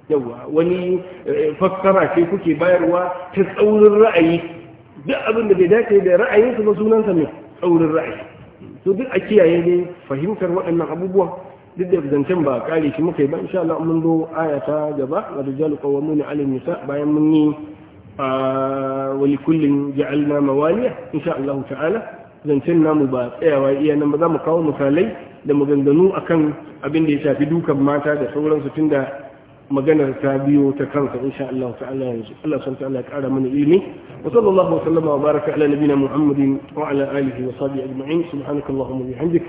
yawa wani eh, fassara ce kuke bayarwa ta tsaurin ra'ayi duk abin da bai dace da ra'ayinsa ba sunansa ne tsaurin ra'ayi to duk a kiyaye ne fahimtar waɗannan abubuwa duk da zancen ba kare shi muka yi ba insha Allah mun zo aya ta gaba wa rijal qawwamuna 'ala nisa bayan mun yi wa likullin ja'alna mawaliya insha Allah ta'ala zancen namu ba tsayawa iya nan ba za mu kawo misalai da maganganu akan abin da ya shafi dukan mata da sauransu tunda maganar ta biyo ta kansa insha Allah ta'ala yanzu Allah subhanahu ta'ala ya kara mana ilimi wa sallallahu wa sallama wa baraka ala nabina Muhammadin wa ala alihi wa sahbihi ajma'in subhanakallahumma wa bihamdik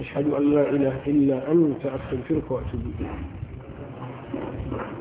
ashhadu an la ilaha illa anta astaghfiruka wa atubu ilayk